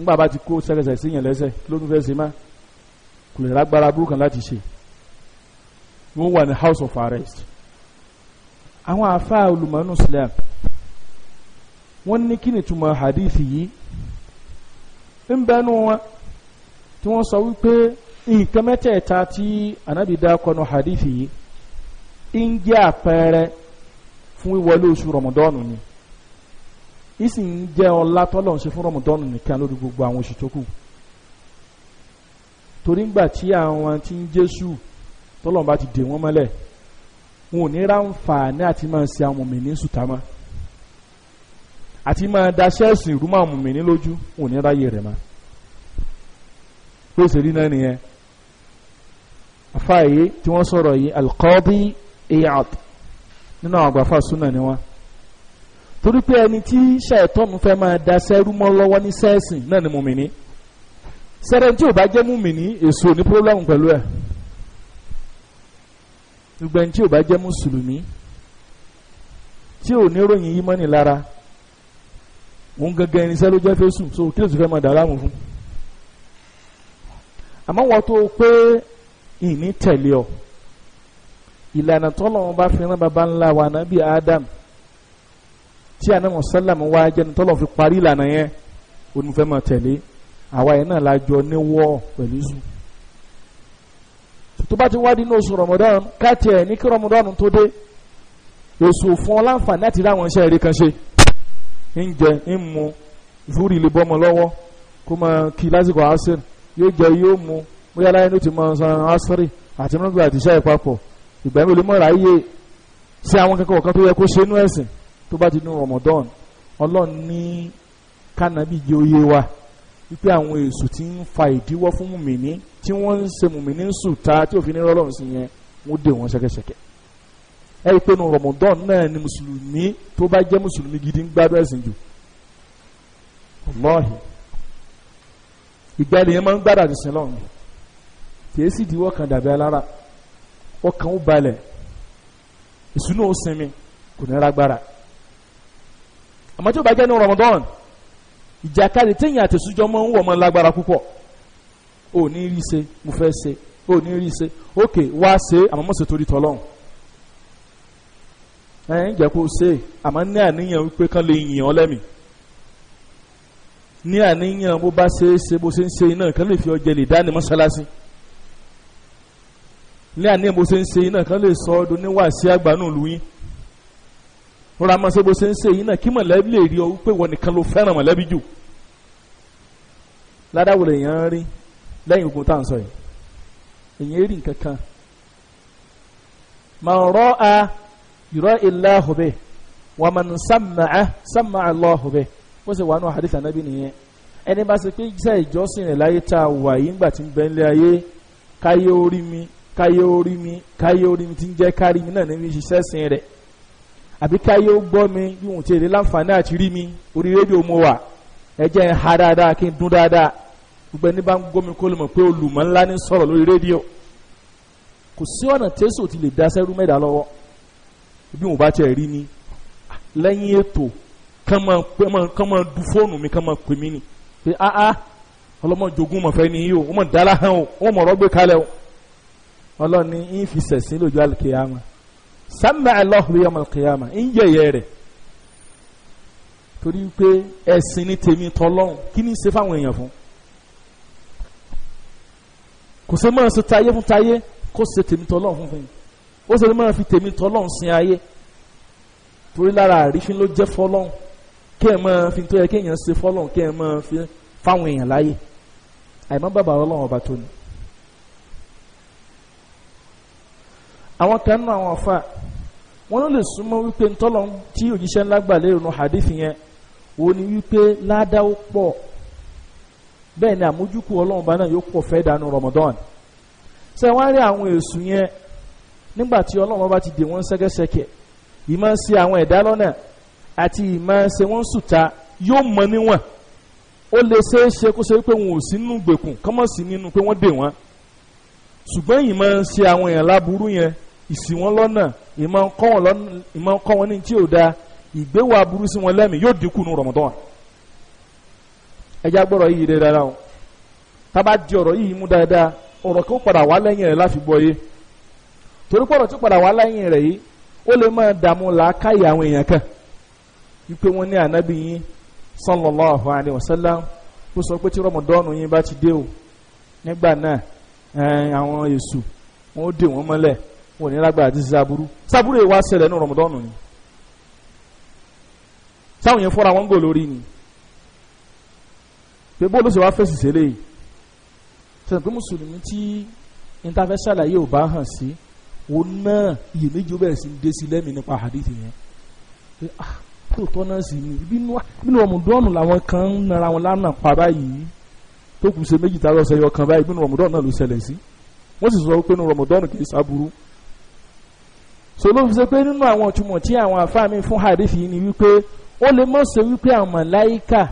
ńgbà bá ti kó sẹ́kẹsẹ̀ síyàn lẹ́sẹ̀ ló fẹ́ ṣe má kò lè lágbára aburú kan láti ṣe wọ́n wà ní house of arrest àwọn àáfàá olùmọ̀ọ́nù Islam wọ́n ní kí ni túmọ̀ hadith yìí ń bẹnu wọn tí wọ́n sọ wípé nǹkan mẹ́tẹ̀ẹ̀ta tí Ànábì dá hadith yìí ń jẹ́ àpẹẹrẹ fún wíwọlé oṣù rọmọdọ́ọ̀nù ni ìsì ń jẹ́ ọlá tọ́lọ̀ ń ṣe fún rọmọdọ́ọ̀nù nìkan lórí gbogbo àwọn oṣù tó kù torí ńgbà tí àwọn tí ń jésù tọ́lọ̀ bá ti dè wọ́n mọ́lẹ̀ wọn ò ní ráǹfààní àti máa ṣe àwọn mìíní sùtámá àti máa da ṣẹ́ẹ̀sì rúmọ̀ àwọn mìíní lójú wọn ò ní ráyè rẹ̀ mọ́ pèsè rí náà nìyẹn afáàyè tí wọ́n sọ̀rọ̀ yìí alqadi iyad nínú àwọn àgbàfà súnà ni wọn torí pé ẹni tí ṣàìtọ́nù fẹ́ máa da sẹ́rú mọ́ lọ́wọ́ ní sẹ́ẹ̀sìn náà ni mùmìnì sẹ́rẹ̀ tí ò bá jẹ́ mùmìnì èso ní pírọ́blẹ́mù pẹ̀lú ẹ̀ gbogbo ẹni tí ò bá jẹ́ mùsùlùmí tí ò ní ròyìn yìí mọ́ni lára òun gangan irinṣẹ́ ló jẹ́ fésù so kí ló ti fẹ́ máa dà láàmú fún àmọ́ wọ́n tó pé ìní tẹ̀lé ọ ìlànà tọ́lọ́wọ́n bá fi rán baba ńlá wa nàbí Adam tí anamu sallam wá jẹ́ ní tọ́lọ́wọ́n fi parí ìlànà yẹn onífẹ́ máa tẹ̀lé àwa yẹn náà lájọ níwọ́ pẹ̀lú zu tó bá ti wá dínú oṣù Ramadan káàtì ẹ̀ ní kí Ramadan tó dé oṣù fún ọ láǹfààní láti rí àwọn iṣẹ́ eré kan ṣe ń jẹ ń mu zúrì lè bọ́mọ lọ́wọ́ kó máa kí lásìkò asir yóò jẹ yóò mu bóyá láyé ló ti máa san asiri àti nígbà àti iṣẹ́ ìpapọ̀ ìgbà yẹn olùmọ̀ra yé sí àwọn kankan kan tó yẹ kó ṣe inú ẹ̀sìn tó bá ti nu Ramadan ọlọ́run ní kánàbí jẹ́ oyé wa wípé àwọn èṣù tí ń fa ìdíwọ́ fún mùmíní tí wọ́n ń ṣe mùmíní sùta tí òfin ní rọ́lọ́run sí yẹn wọ́n dè wọ́n ṣẹ̀kẹ̀ṣẹ̀kẹ̀ ẹ rí i pé nu Ramadan náà ni mùsùlùmí tó bá jẹ́ mùsùlùmí gidi ń gbádùn ẹ̀sìn jù ọlọ́ọ̀hìn ìgbà ènìyàn máa ń gbádùn àdìsìn lọ́run kì í sì ìdíwọ́ kan dàbí alára ọkàn ó balẹ̀ ìsúná ó sinmi kò ní lágbára àmọ́ tí ó bá jẹ́ ní Ramadan ìjàkadì téèyàn àtẹ̀sújọ́ mọ́ ń wọ̀ mọ́ lágbára púpọ̀ ò ní rí ṣe mo fẹ́ ṣe ò ní rí ṣe ok wá ṣe àmọ́ mọ̀ ṣe torí tọ́lọ́hún ẹ̀ ń jẹ́ kó ṣe àmọ́ ní àníyàn wípé kán lè yìn ọ́ lẹ́mìí ní àníyàn bó bá ṣe é ṣe bó ṣe ń ṣe iná kan lè fi ọjẹ lè dá ní mọ́ṣáláṣí ní àná bó ṣe ń ṣe yín náà kán lè sọ ọdún níwà sí àgbànú ìlú yín rọra máa ṣe bó ṣe ń ṣe yín náà kí mọ̀lẹ́bí lè rí ọ pé wọ́n nìkan ló fẹ́ràn mọ̀lẹ́bí jù ládàwọ̀ lèèyàn rí lẹ́yìn ogun tá à ń sọ yìí èèyàn rí nǹkan kan màá rọ́ a yùrọ́ ilé ahùbẹ́ wọ́n mọ̀ ní sàmàá sàmàá lọ́hùbẹ́ bó ṣe wà nù hadith anabi nìyẹn ẹni bá ṣe pé iṣẹ́ ìjọsìn rẹ̀ láyé tá a wà yìí ńgbà tí ń bẹ́ńlẹ̀ ayé káyé orí mi káyé orí mi káyé orí mi ti ń jẹ́ kárí mi náà ní mi ṣiṣẹ́ sìn rẹ̀ àbí káyé ó gbọ́ mi bí wọn ti rí láǹfààní àti rí mi orí rédíò mo wà ẹ jẹ́ ń ha dáadáa kí n dún dáadáa gbogbo ẹni bá ń gbọ́ mi kó lè mọ̀ pé olùmọ̀ ńlá ní sọ̀rọ̀ lórí rédíò kò sí ọ̀nà tẹ́sí ò ti lè dá sẹ́rú mẹ́ta lọ́wọ́ bí wọn bá tiẹ̀ rí mi lẹ́yìn ètò kán máa du fóònù mi kán máa pè mí ni pé áá ọlọ́mọ jogún mọ̀fẹ́ ni yìí o wọ́n mọ̀ dálá hàn o wọ́n mọ̀ rọ́gbé kalẹ̀ o ọlọ́run ní ń fi sẹ̀sìn lójú alìkìyàmà sàmà ẹlọ́hùn yọmọ alìkìyàmà ń yẹ̀yẹ̀ rẹ̀ torí pé ẹ̀sìn ní tèmi tọ́lọ́hùn kí ni ṣe fáwọn èèyàn fún kò ṣe máa ṣe tayé fún tayé kó ṣe tèmi tọ́lọ́hùn fún fún yìí ó ṣe máa fi tèmi tọ́lọ́hùn sin ayé torí lára àrífín ló jẹ́ fọ́lọ́hùn kí ẹ máa fi tó yẹ kí èèyàn ṣe fọ́lọ́hùn kí ẹ máa fi fáwọn èèyàn láyé àìmọ́ bàbá ọlọ́run ọba tó ni. àwọn kan nù àwọn afa wọn ló lè súnmọ́ wípé ntọ́lọ́ tí òjíṣẹ́ ńlá gbà lérò nù hadith yẹn wọ́n ní wípé ládàá pọ̀ bẹ́ẹ̀ ni àmójúkú ọlọ́run bá náà yóò pọ̀ fẹ́ dànù Ramadan ṣe wọ́n á rí àwọn èṣù yẹn nígbà tí ọlọ́run bá ti dè wọ́n ṣẹ́kẹ́ṣẹkẹ̀ ìmọ̀ ṣe àwọn ẹ̀dá lọ́nà àti ìmọ̀ ṣe wọ́n sùta yóò mọ níwọ̀n ó lè ṣe é ṣe kó ṣe pé wọn ò sí nínú gbèkùn kọ́mọ̀ nínú pé wọ́n dè wọ́n ṣùgbọ́n ìmọ̀ ṣe àwọn èèyàn láburú yẹn ìsìn wọn lọ́nà ìmọ̀ kọ́ wọn ní tí ò da ìgbéwà aburú sí wọn lẹ́mìí yóò dínkù nù Ramadan ẹja gbọ́rọ̀ yìí rẹ̀ dáadáa o tába di ọ̀rọ̀ yìí mú dáadáa ọ̀rọ̀ kí ó padà wá lẹ́yìn rẹ̀ láfi gbọ́ yé torí pọ̀rọ̀ tí ó padà wá lẹ́yìn rẹ̀ yìí ó lè máa dààmú làákàyè àwọn èèyàn kan wípé wọ́n ní ànábì yín sallallahu alaihi wasallam ó sọ pé tí Ramadan yín bá ti dé o nígbà náà àwọn wọn ní lágbára àti sábúrú sábúrú yìí wá ṣẹlẹ̀ ní rọmọdọ́nù ni sáwọn yẹn fọ́ra wọn ń gò lórí ni pé bóòlù sì wá fèsì sílẹ̀ yìí sọ̀rọ̀ pé mùsùlùmí tí interface ṣàlàyé ò bá hàn sí òun náà iyèméjì ó bẹ̀rẹ̀ sí ń dé sí lẹ́mìí nípa hadith yẹn ah, náà sì ni bínú ọmọdọ́nù làwọn kan ń nara wọn lánàá pa báyìí tó kù ṣe méjì tá a lọ sọ yọ kan báyìí bínú ọmọdọ́nù náà ló ṣẹlẹ̀ sí wọ́n sì sọ pé nínú ọmọdọ́nù kì í sábúrú so ló fi ṣe pé nínú àwọn ìtumọ̀ tí àwọn afáàmì fún hadith yìí ni wípé ó lè mọ̀ ṣe wípé àwọn màláíkà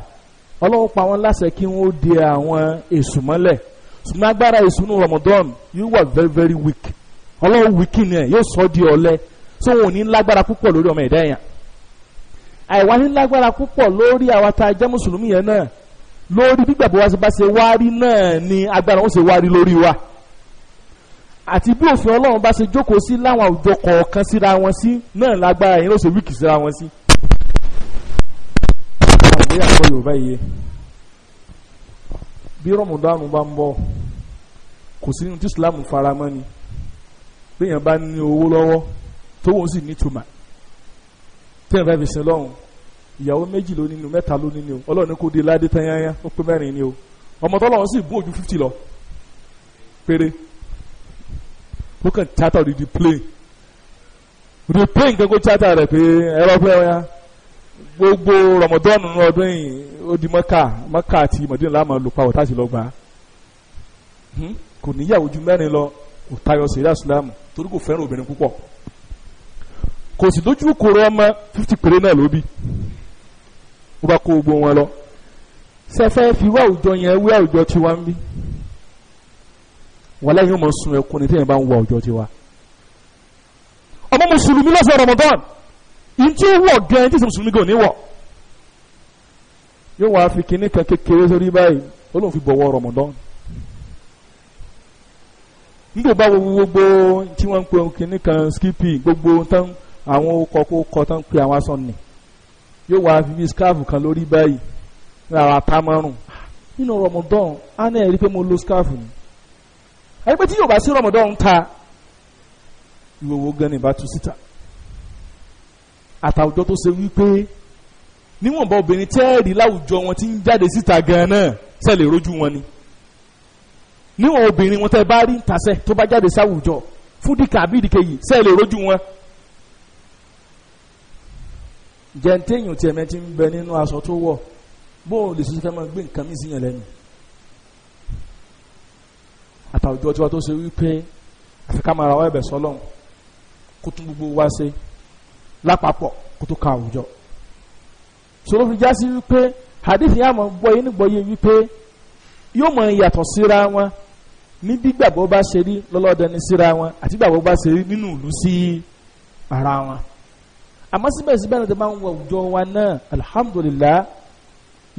ọlọ́run pa wọn láṣẹ kí wọ́n de àwọn èṣù mọ́lẹ̀ ṣùgbọ́n agbára èṣù ní Ramadan yóò wà very very weak ọlọ́run wíkì ni ẹ̀ yóò sọ di ọ̀lẹ so wọn ò ní lágbára púpọ̀ lórí ọmọ ẹ̀dá èèyàn àìwá ní lágbára púpọ̀ lórí àwa tá a mùsùlùmí yẹn náà lórí gbígbàgbọ́ wa ṣe bá ṣe wárí náà ni agbára wọn ṣe wárí lórí wa àti bí òfin ọlọ́run bá ṣe jókòó sí láwọn àwùjọ kọ̀ọ̀kan síra wọn sí náà lágbára yẹn ló ṣe wíìkì síra wọn sí. àwọn ìwé àkọ́ yorùbá yìí bí rọmọdánù bá ń bọ̀ kò sí nínú tí islam faramọ́ ni béèyàn bá ní owó lọ́wọ́ tówó sì ní tùmà téèyàn fẹ́ fi sin lọ́hùn ìyàwó méjì ló nínú mẹ́ta ló nínú ọlọ́run ní kò dé ládé tán yányá ó pé mẹ́rin ni o ọmọ tọ́lọ́run sì bú ojú fifty lọ péré ó kàn chata odidi plane odidi plane kankan chata rẹ̀ pé ẹ̀rọ fẹ́ wáyà gbogbo rọmọdọ́nù ọdún yìí ó di mọ́kà mọ́kà àti mọ̀dínà láàmú olùpawọ̀ tá a sì lọ gbà á hmm? kò níyàwó ju mẹ́rin lọ kò tayọ sí ìdá ìsìlámù torí kò fẹ́ràn obìnrin púpọ̀ kò sì lójú kòrò ọmọ fífi péré náà ló ó bá kó gbogbo wọn lọ ṣẹfẹ́ fi wá àwùjọ yẹn wí àwùjọ tí ń bí wọ́n lẹ́yìn ọmọ sun ẹkún ní tẹ́yìn bá ń wọ ọjọ́ tiwa ọmọ mùsùlùmí lọ́sẹ̀ Ramadan yìí tí ó wọ̀ gan tí mùsùlùmí gan ní wọ̀ yóò wá fi kíní kan kékeré sórí báyìí ó lóun fi bọ̀wọ̀ Ramadan nígbà bá wo gbogbo tí wọ́n ń pe kíní kan skipi gbogbo tán àwọn kọkókọ tán pe àwọn aṣọ nì yóò wá fi bí skáàfù kan lórí báyìí ní àwọn atámọ́rùn nínú Ramadan á náà rí i mo lo skáàfù ni ẹni pé tí yóò bá sí rọmọdán ta ìwé wo gan ni bá tu síta àtàwùjọ tó ṣe wípé níwọ̀nba obìnrin tẹ́ẹ̀rì láwùjọ wọn ti ń jáde síta gan náà sẹ́lẹ̀ rojú wọn ni níwọ̀n obìnrin wọn tẹ́ bá rí ntàsẹ́ tó bá jáde sáwùjọ fúdìkà àbídìkẹ yìí sẹ́lẹ̀ rojú wọn. jẹ́ntẹ́yìn tí ẹ̀mẹ́ ń bẹ nínú aṣọ tó wọ̀ bóun lè ṣiṣẹ́ máa gbé nǹkan mí sí yẹn lẹ́nu àtàwùjọ tiwa tó ṣe wípé àfikà máa ra ọ ẹ̀bẹ̀ sọlọ́n kó tún gbogbo wa ṣe lápapọ̀ kó tó ka àwùjọ. sọlọ́ fi já sí wípé hadith yà mọ̀ gbọ́ yín nígbọ́ yín wípé yóò mọ̀ ìyàtọ̀ síra wọn ní gbígbàgbọ́ bá ṣe rí lọ́lọ́dẹ ní síra wọn àti gbàgbọ́ bá ṣe rí nínú ìlú sí ara wọn. àmọ́ síbẹ̀síbẹ̀ náà ti máa ń wọ àwùjọ wa náà alhamdulillah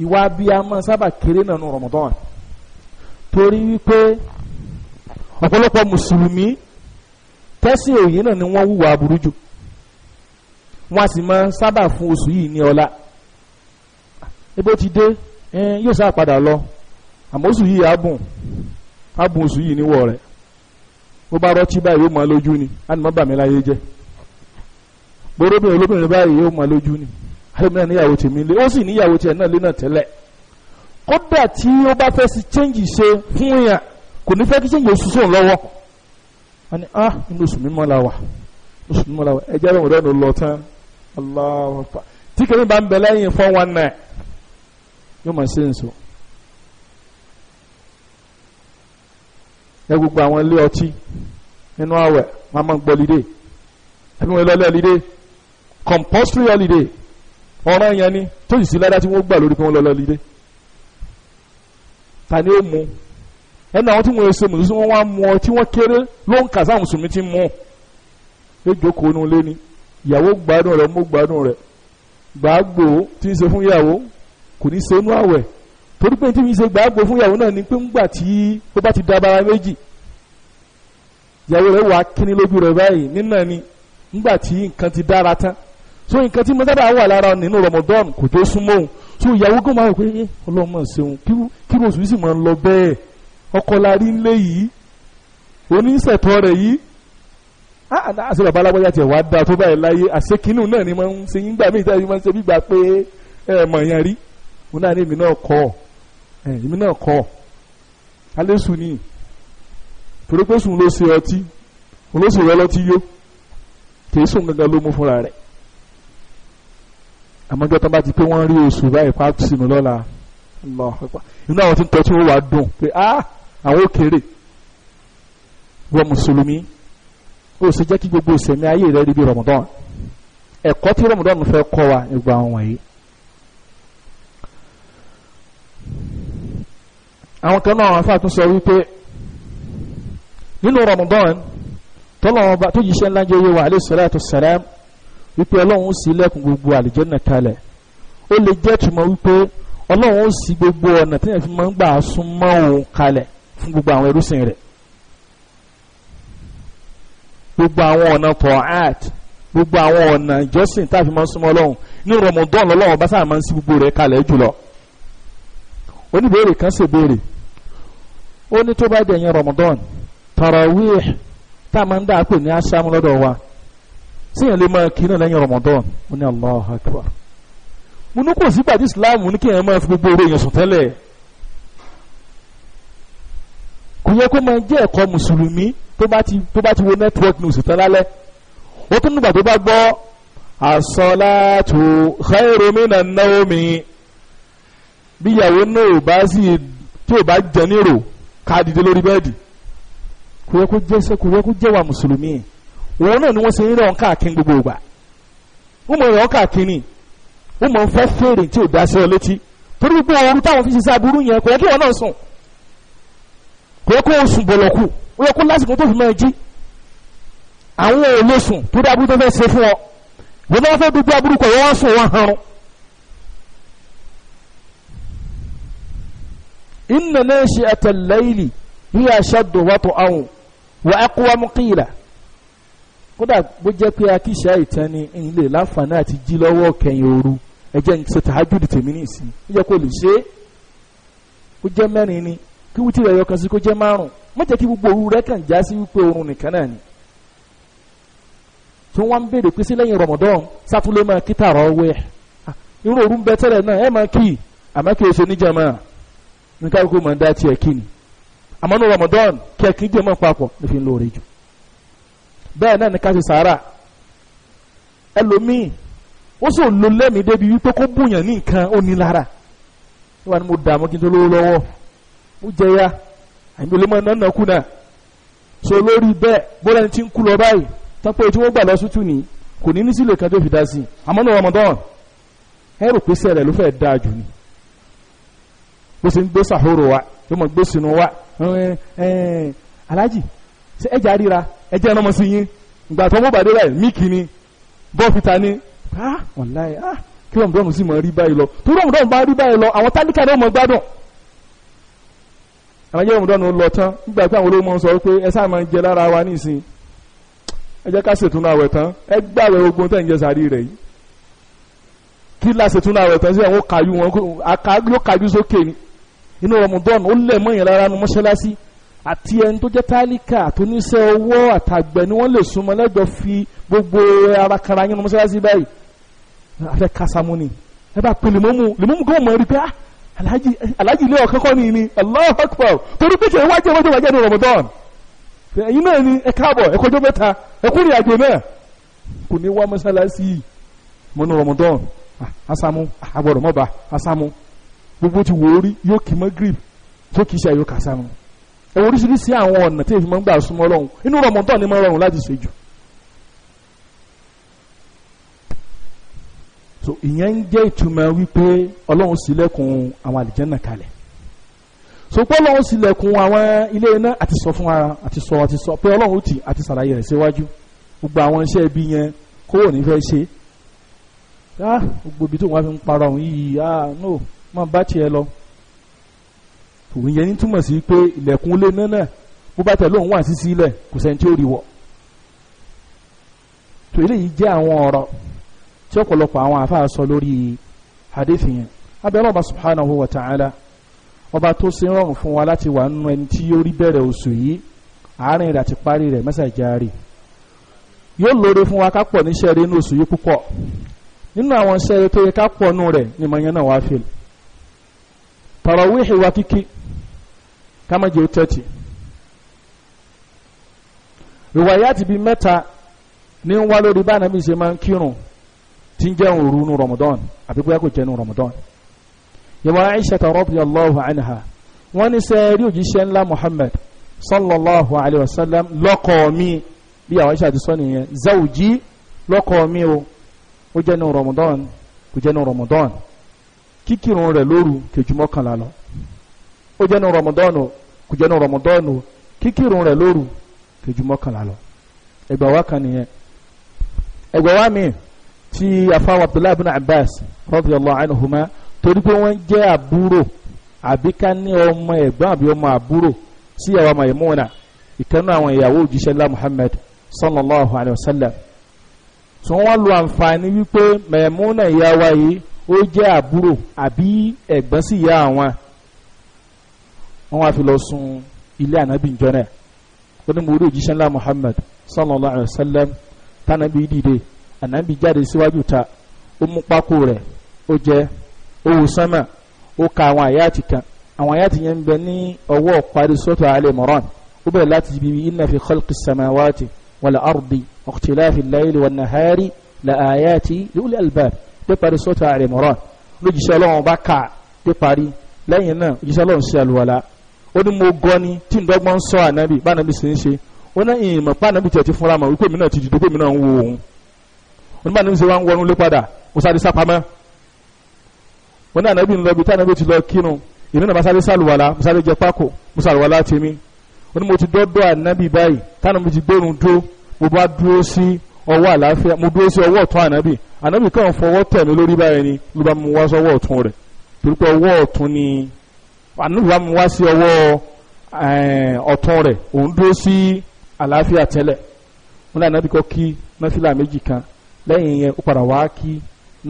ìwà abiyamọ sábà kéré náà nù Ramadan torí wípé ọ̀pọ̀lọpọ̀ mùsùlùmí tẹ́sìn òye náà ni wọ́n hùwà aburú jù wọ́n a sì máa sábà fún oṣù yìí ní ọlá ebi ó ti dé yóò sá padà lọ àmọ́ oṣù yìí abùn abùn oṣù yìí níwọ̀ rẹ̀ bó bá rọ́ọ̀tì báyìí yóò máa lójú ni á ní mọ́ bàmí láyé jẹ́ gbóróbìnrin olóbìnrin báyìí yóò máa lójú ni àyẹ̀mí náà níyàwó tèmi lé ó sì níyàwó tiẹ̀ náà lé náà tẹ́lẹ̀ kódà tí ó bá fẹ́ sí change ṣe fún yàn kò ní fẹ́ kí sẹ́yìn oṣù sóun lọ́wọ́ wọn ni ah inú oṣù mímọ́ la wà oṣù mímọ́ la wà ẹjẹ́ rẹ̀ wọ́n lọ tán Allahu Akbar tí kìíní bá ń bẹ lẹ́yìn four one nine yóò máa ṣe nso ẹ gbogbo àwọn ilé ọtí nínú àwẹ̀ wọn máa ń gbọ́ lídè ẹbí wọn lọ́lẹ́ lídè compulsory holiday ọ̀ràn yẹn ni tó sì sí ládá tí wọ́n gbà lórí pé wọ́n lọ́lẹ́ lídè ta ni ó mu ẹnna àwọn tí wọn ẹsẹ mu nso wọn amú ọ tí wọn kéré ló ń kàsá mùsùlùmí ti mú ẹjọkọ nù lẹni ìyàwó gbádùn rẹ mú gbádùn rẹ gbàgbó tí ń ṣe fún ìyàwó kò ní ṣe inú àwẹ̀ torí pé tí ń ṣe gbàgbó fún ìyàwó náà ni pé ńgbà tí ó bá ti dabara méjì ìyàwó rẹ wà kíní lójú rẹ báyìí nínà ni ńgbà tí nǹkan ti dára tán so nǹkan tí mo sábà wà lára nínú Ramadan kò tó súnmọ́ òun so ìyàwó gan máa ń pè é ọlọ́mọ ṣeun kí ọkọ la rí nílé yìí oníṣẹ̀tọ́ rẹ̀ yìí àṣẹ bàbá alágbájá tiẹ̀ wá dáa tó báyìí láyé àṣẹ kínú náà ni máa ń ṣe yín gbà mí ìtàgé máa ń ṣe bí pé ẹ mọ̀ yẹn rí mo náà ní èmi náà kọ́ ẹ èmi náà kọ́ alẹ́sù ni torí pé sùn ló ṣe ọtí olóṣèlú ọlọ́tí yó kìí sùn gangan ló mú fúnra rẹ̀ àmọ́jọ́ tán bá ti pé wọ́n rí oṣù báyìí pa sínú lọ́la inú àwọn tí ń tọ́ tí wọ́n wá dùn pé ah àwọn òkèrè wọ mùsùlùmí ó sì jẹ́ kí gbogbo ìsẹ̀mí ayé rẹ̀ rí bí rọmọdán ẹ̀kọ́ tí rọmọdán fẹ́ kọ́ wa nígbà àwọn wọ̀nyí. àwọn kan náà afa tún sọ wípé nínú rọmọdán tọ́lọ́wọ́n bá tó yíṣẹ́ ńlá jẹ́ yéwà aleyhi salatu salam wípé ọlọ́run ó sì lẹ́kùn gbogbo àlìjẹ́nà kalẹ̀ ó lè jẹ́ tùmọ̀ wípé ọlọ́run ó sì gbogbo ọ̀nà tí yẹn fi máa ń gbà sún mọ́ òun kalẹ̀ fún gbogbo àwọn ẹrúsìn rẹ̀ gbogbo àwọn ọ̀nà tọ́hát gbogbo àwọn ọ̀nà ìjọsìn tá a fi máa ń súnmọ́ ọlọ́run ní rọmọdọ́ọ̀nù ọlọ́run bá sáà máa ń sí gbogbo rẹ̀ kalẹ̀ jùlọ oníbèrè kan sì béèrè ó ní tó bá dẹ̀yìn rọmọdọ́ọ̀nù tarawih tá a máa ń dà pè ní aṣáájú lọ́dọ̀ wa síyàn lè máa kí náà lẹ́yìn rọmọdọ́ọ̀nù ó ní Allahu Akbar mo ní kò sígbà tí Islam ní kí èèyàn máa fi gbogbo oore èèyàn sùn tẹ́lẹ̀ kò yẹ kó máa jẹ́ ẹ̀kọ́ mùsùlùmí tó bá ti tó bá ti wo network news tán lálẹ́ ó tún nígbà tó bá gbọ́ àsọlátù khairu minan nawmi bíyàwó náà ò bá sì tí ò bá jẹ nírò ká dìde lórí bẹ́ẹ̀dì kò yẹ kó jẹ́ sẹ́ kò yẹ kó jẹ́ wa mùsùlùmí òun náà ni wọ́n ṣe ń rẹ̀ ọ́n káàkiri gbogbo ìgbà wọ́n mọ̀ rẹ̀ káàkiri wọ́n mọ̀ fẹ́ fèrè tí ò dá sí ọ létí torí gbogbo àwọn táwọn fi ṣiṣẹ́ aburú yẹn kò yẹ kí wọ́n náà sùn kò yẹ kó o sùn bọ̀lọ̀kù ó yẹ kó lásìkò tó fi máa jí àwọn ò lè sùn tó dábú tó fẹ́ ṣe fún ọ wọ́n bá fẹ́ dúdú aburúkọ yẹn wọ́n sùn wọ́n harun. inna nashi'ata al-layli hiya ashaddu wat'an wa aqwamu qila kódà bó jẹ́ pé akíṣà ìtàn ni ilé láǹfààní àti jí lọ́wọ́ kẹyìn ooru ẹ̀jẹ̀ ń ṣe tàájú tèmi ní ìsìn ó yẹ kó lè ṣe é ó jẹ́ mẹ́rin ni kí wútí rẹ̀ yọkan sí kó jẹ́ márùn má jẹ́ kí gbogbo òru rẹ̀ kàn já sí wípé oorun nìkan náà ni tí wọ́n ń béèrè pé sí lẹ́yìn Ramadan sátúlẹ̀ máa kí tààrọ̀ wẹ̀ irú òru ń bẹ tẹ́lẹ̀ náà ẹ̀ máa kí àmọ́ kí o ṣe níjàmá nǹkan kó máa dá tiẹ̀ kí ni àmọ́ ní Ramadan kí ẹ kí jẹ́ mọ́ papọ̀ ní fi ń lóore jù bẹ́ẹ̀ náà ni ká ṣe sàárà ẹlòmíì ó sì lo lẹ́mìí débi wípé kó bùyàn ní nǹkan ó ní lára wọ́n ni mo dààmú kí n tó lówó lọ́wọ́ ó jẹ ya àyìnbó ló mọ nánà kú náà so lórí bẹ́ẹ̀ bóra ẹni tí ń kú lọ báyìí tọ́pọ̀ tí wọ́n gbà lọ sútù ní kò ní nísìlè kan tó fi sí i àmọ́ ní Ramadan ẹ rò pé sẹ́rẹ̀ ló fẹ́ dáa jù ni bó ṣe ń gbé sàhóró wa ló mọ̀ gbé sinú wa aláàjì ṣe ẹja ríra ẹjẹ ẹran ọmọ sí yín ìgbà tó ń bọ̀bà báyìí míìkì ni bọ́ọ̀fìta ni ah wàláyé ah kí Ramadan sì mọ̀ rí báyìí lọ tó Ramadan bá rí báyìí lọ àwọn tálíkà náà mọ̀ gbádùn àwọn jẹ́ ọmọdọ́nù lọ tán nígbà pé àwọn olóòmọ sọ pé ẹ sáà máa ń jẹ lára wa nísìn ẹ jẹ́ ká ṣètúnú àwẹ̀ tán ẹ gbàwẹ̀ ogun tẹ̀ ń jẹ sàárì rẹ̀ yìí kí la ṣètúnú àwẹ̀ tán sí àwọn kàyú wọn yóò kàyú sókè ni inú ọmọdọ́nù ó lẹ̀ mọ́yìn lára nu mọ́ṣáláṣí àti ẹni tó jẹ́ tálíkà tó níṣẹ́ ọwọ́ àtàgbẹ̀ ni wọ́n lè súnmọ́ lẹ́jọ́ fi gbogbo ara kara yín nu mọ́ṣáláṣí báyìí àfẹ́ kásámúni ẹ bá pe lèmọ́mù lèmọ́mù kò mọ̀ rí pé ah aláàjì ilé ọ̀kan kọ́ ni ni Allah Akbar torí pé kìí wájú ìwájú ìwájú Ramadan ẹ̀yin náà ni ẹ káàbọ̀ ẹ kọjọ́ mẹ́ta ẹ kúrò àjò náà kò ní wá mọ́sálásí mọ́nú Ramadan ah, asamu agbọ̀dọ̀ ah, mọ́ba asamu gbogbo ti wò ó rí yóò kì mọ́ grip tó kì í ṣe àyọkà asamu ẹ wọ oríṣiríṣi àwọn ọ̀nà tí èyí máa ń gbà súnmọ́ Ọlọ́run inú Ramadan ni máa ń rọrùn láti ṣe jù so ìyẹn ń jẹ́ ìtumọ̀ wípé ọlọ́run ṣílẹ̀kùn àwọn àlìjẹ́nà kalẹ̀ so pé ọlọ́run ṣílẹ̀kùn àwọn ilé iná àti sọ fún ara àti sọ àti sọ pé ọlọ́run tì àti sàlàyé rẹ̀ síwájú gbogbo àwọn iṣẹ́ ibi yẹn kówó ní fẹ́ ṣe ah gbogbo ibi tó wọn fi ń parọ́ ọ̀hún yìí ah no máa bá tiẹ̀ lọ òun yẹn ní túmọ̀ sí pé ilẹ̀kùn ilé iná náà bó bá tẹ̀ lóun wà sí sílẹ̀ kò sẹ́ni tí ó rí wọ̀ tó tí ọ̀pọ̀lọpọ̀ àwọn àfáà sọ lórí hadith yẹn abẹ́rẹ́ ọba subhanahu wa ta'ala ọba tó ṣe rọrùn fún wa láti wà nínú ẹni tí yóò rí bẹ̀rẹ̀ oṣù yìí àárín rẹ̀ àti parí rẹ̀ wa ká níṣẹ́ rẹ̀ inú oṣù yìí púpọ̀ nínú àwọn iṣẹ́ rẹ̀ tó yẹ ká nù rẹ̀ ni mọ̀nyẹn náà wá fi wa kíkí ká ó tẹ́tì ti mẹ́ta ní wá lórí tí ń jẹun òru nu Ramadan àbí bóyá kò jẹun Ramadan yàwó Aisha radiyallahu anha wọ́n ní sẹ́ẹ̀rí òjíṣẹ́ ńlá Muhammad sallallahu alayhi wa sallam lọ́kọ̀ mi bí àwọn Aisha ti sọ nìyẹn zawji lọ́kọ̀ mi o ó jẹun Ramadan kò jẹun Ramadan kíkìrún rẹ̀ lóru kejìmọ́ kan lálọ́ ó jẹun Ramadan o kò jẹun Ramadan o kíkìrún rẹ̀ lóru kejìmọ́ kan lálọ́ ẹgbàá wa kan nìyẹn ẹgbàá wa mi tí afáwọn abdullahi bin abbas radiyallahu anhuma torí pé wọ́n jẹ́ àbúrò àbí ká ní ọmọ ẹ̀gbọ́n àbí ọmọ àbúrò sí ìyàwó Maimuna ìkànnì àwọn ìyàwó òjíṣẹ́ ńlá Muhammad sallallahu alayhi wa sallam tí wọ́n lo àǹfààní wípé Maimuna ìyàwó yìí ó jẹ́ àbúrò àbí ẹ̀gbọ́n sí ìyá àwọn wọ́n wá fi lọ sun ilé ànábì ìjọ náà ó ní mo rí òjíṣẹ́ ńlá Muhammad sallallahu alayhi wa sallam tánàbí dìde ànábì jáde síwájú ta ó mú pákó rẹ̀ ó jẹ ó wo sánmà ó ka àwọn àyàtì kan àwọn àyàtì yẹn ń bẹ ní ọwọ́ parí sọ́tọ̀ Al Imran ó bẹ̀rẹ̀ láti ibi inna fi khalqi samawati wal ardi ikhtilafi al-layli wan nahari la ayati li ulil albab dé parí sọ́tọ̀ Al Imran lójúṣẹ́ ọlọ́run bá kà dé parí lẹ́yìn náà òjíṣẹ́ ọlọ́run ṣe àlùwàlá ó ní mo gọ́ ni tí n dọ́gbọ́n sọ ànábì wọn nígbà níbi ṣe wá ń wọnú lé padà mo sáré sápamọ́ wọn ní ànábì ń lọ ibi tí ànábì ti lọ kírun èmi náà bá sáré sàlùwàlà mo sáré jẹ pákó mo sàlùwàlà tèmi wọn ní mo ti dọ́dọ̀ ànábì báyìí táwọn mi ti gbẹ̀rún dúró mo bá dúró sí ọwọ́ àlàáfíà mo dúró sí ọwọ́ ọ̀tún ànábì ànábì kàn fọwọ́ tẹ̀ mí lórí báyìí ni ló bá mu wá sọ́wọ́ ọ̀tún rẹ̀ torí pé ọwọ́ ọ̀tún ni ànábì bá mu wá sí ọwọ́ eh, ọ̀tún rẹ̀ òun dúró sí àlàáfíà tẹ́lẹ̀ wọn ní ànábì kọ́ kí náfìlà méjì kan lẹ́yìn yẹn ó padà wá kí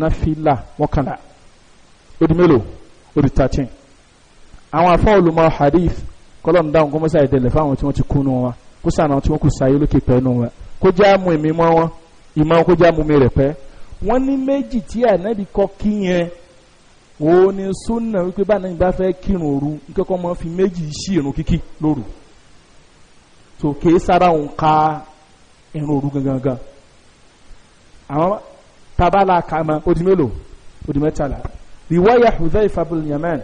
náfìlà mọ́kànlá ó di mélòó ó di thirteen àwọn afọ olùmọ̀ hadith kọlọ́n dáhùn kó mọ́sá ìdẹ̀lẹ̀ fáwọn tí wọ́n ti kú nù wọn kó sànà tí wọ́n kù sáyé lókè pẹ́ nù wọn kó já mú èmi mọ́ wọn ìmọ̀ kó já mú mi rẹ̀ pẹ́ wọ́n ní méjì tí ànábì kọ́ kí yẹn òun ni sunna wípé bá ànábì bá fẹ́ kírun òru nkẹ́kọ̀ọ́ máa fi méjì sí irun kíkí lóru tó kéé òun ka irun òru gangan gan àwọn tabala kama odi mélòó odi mẹ́tàlá riwaya Hudhayfa bin Yaman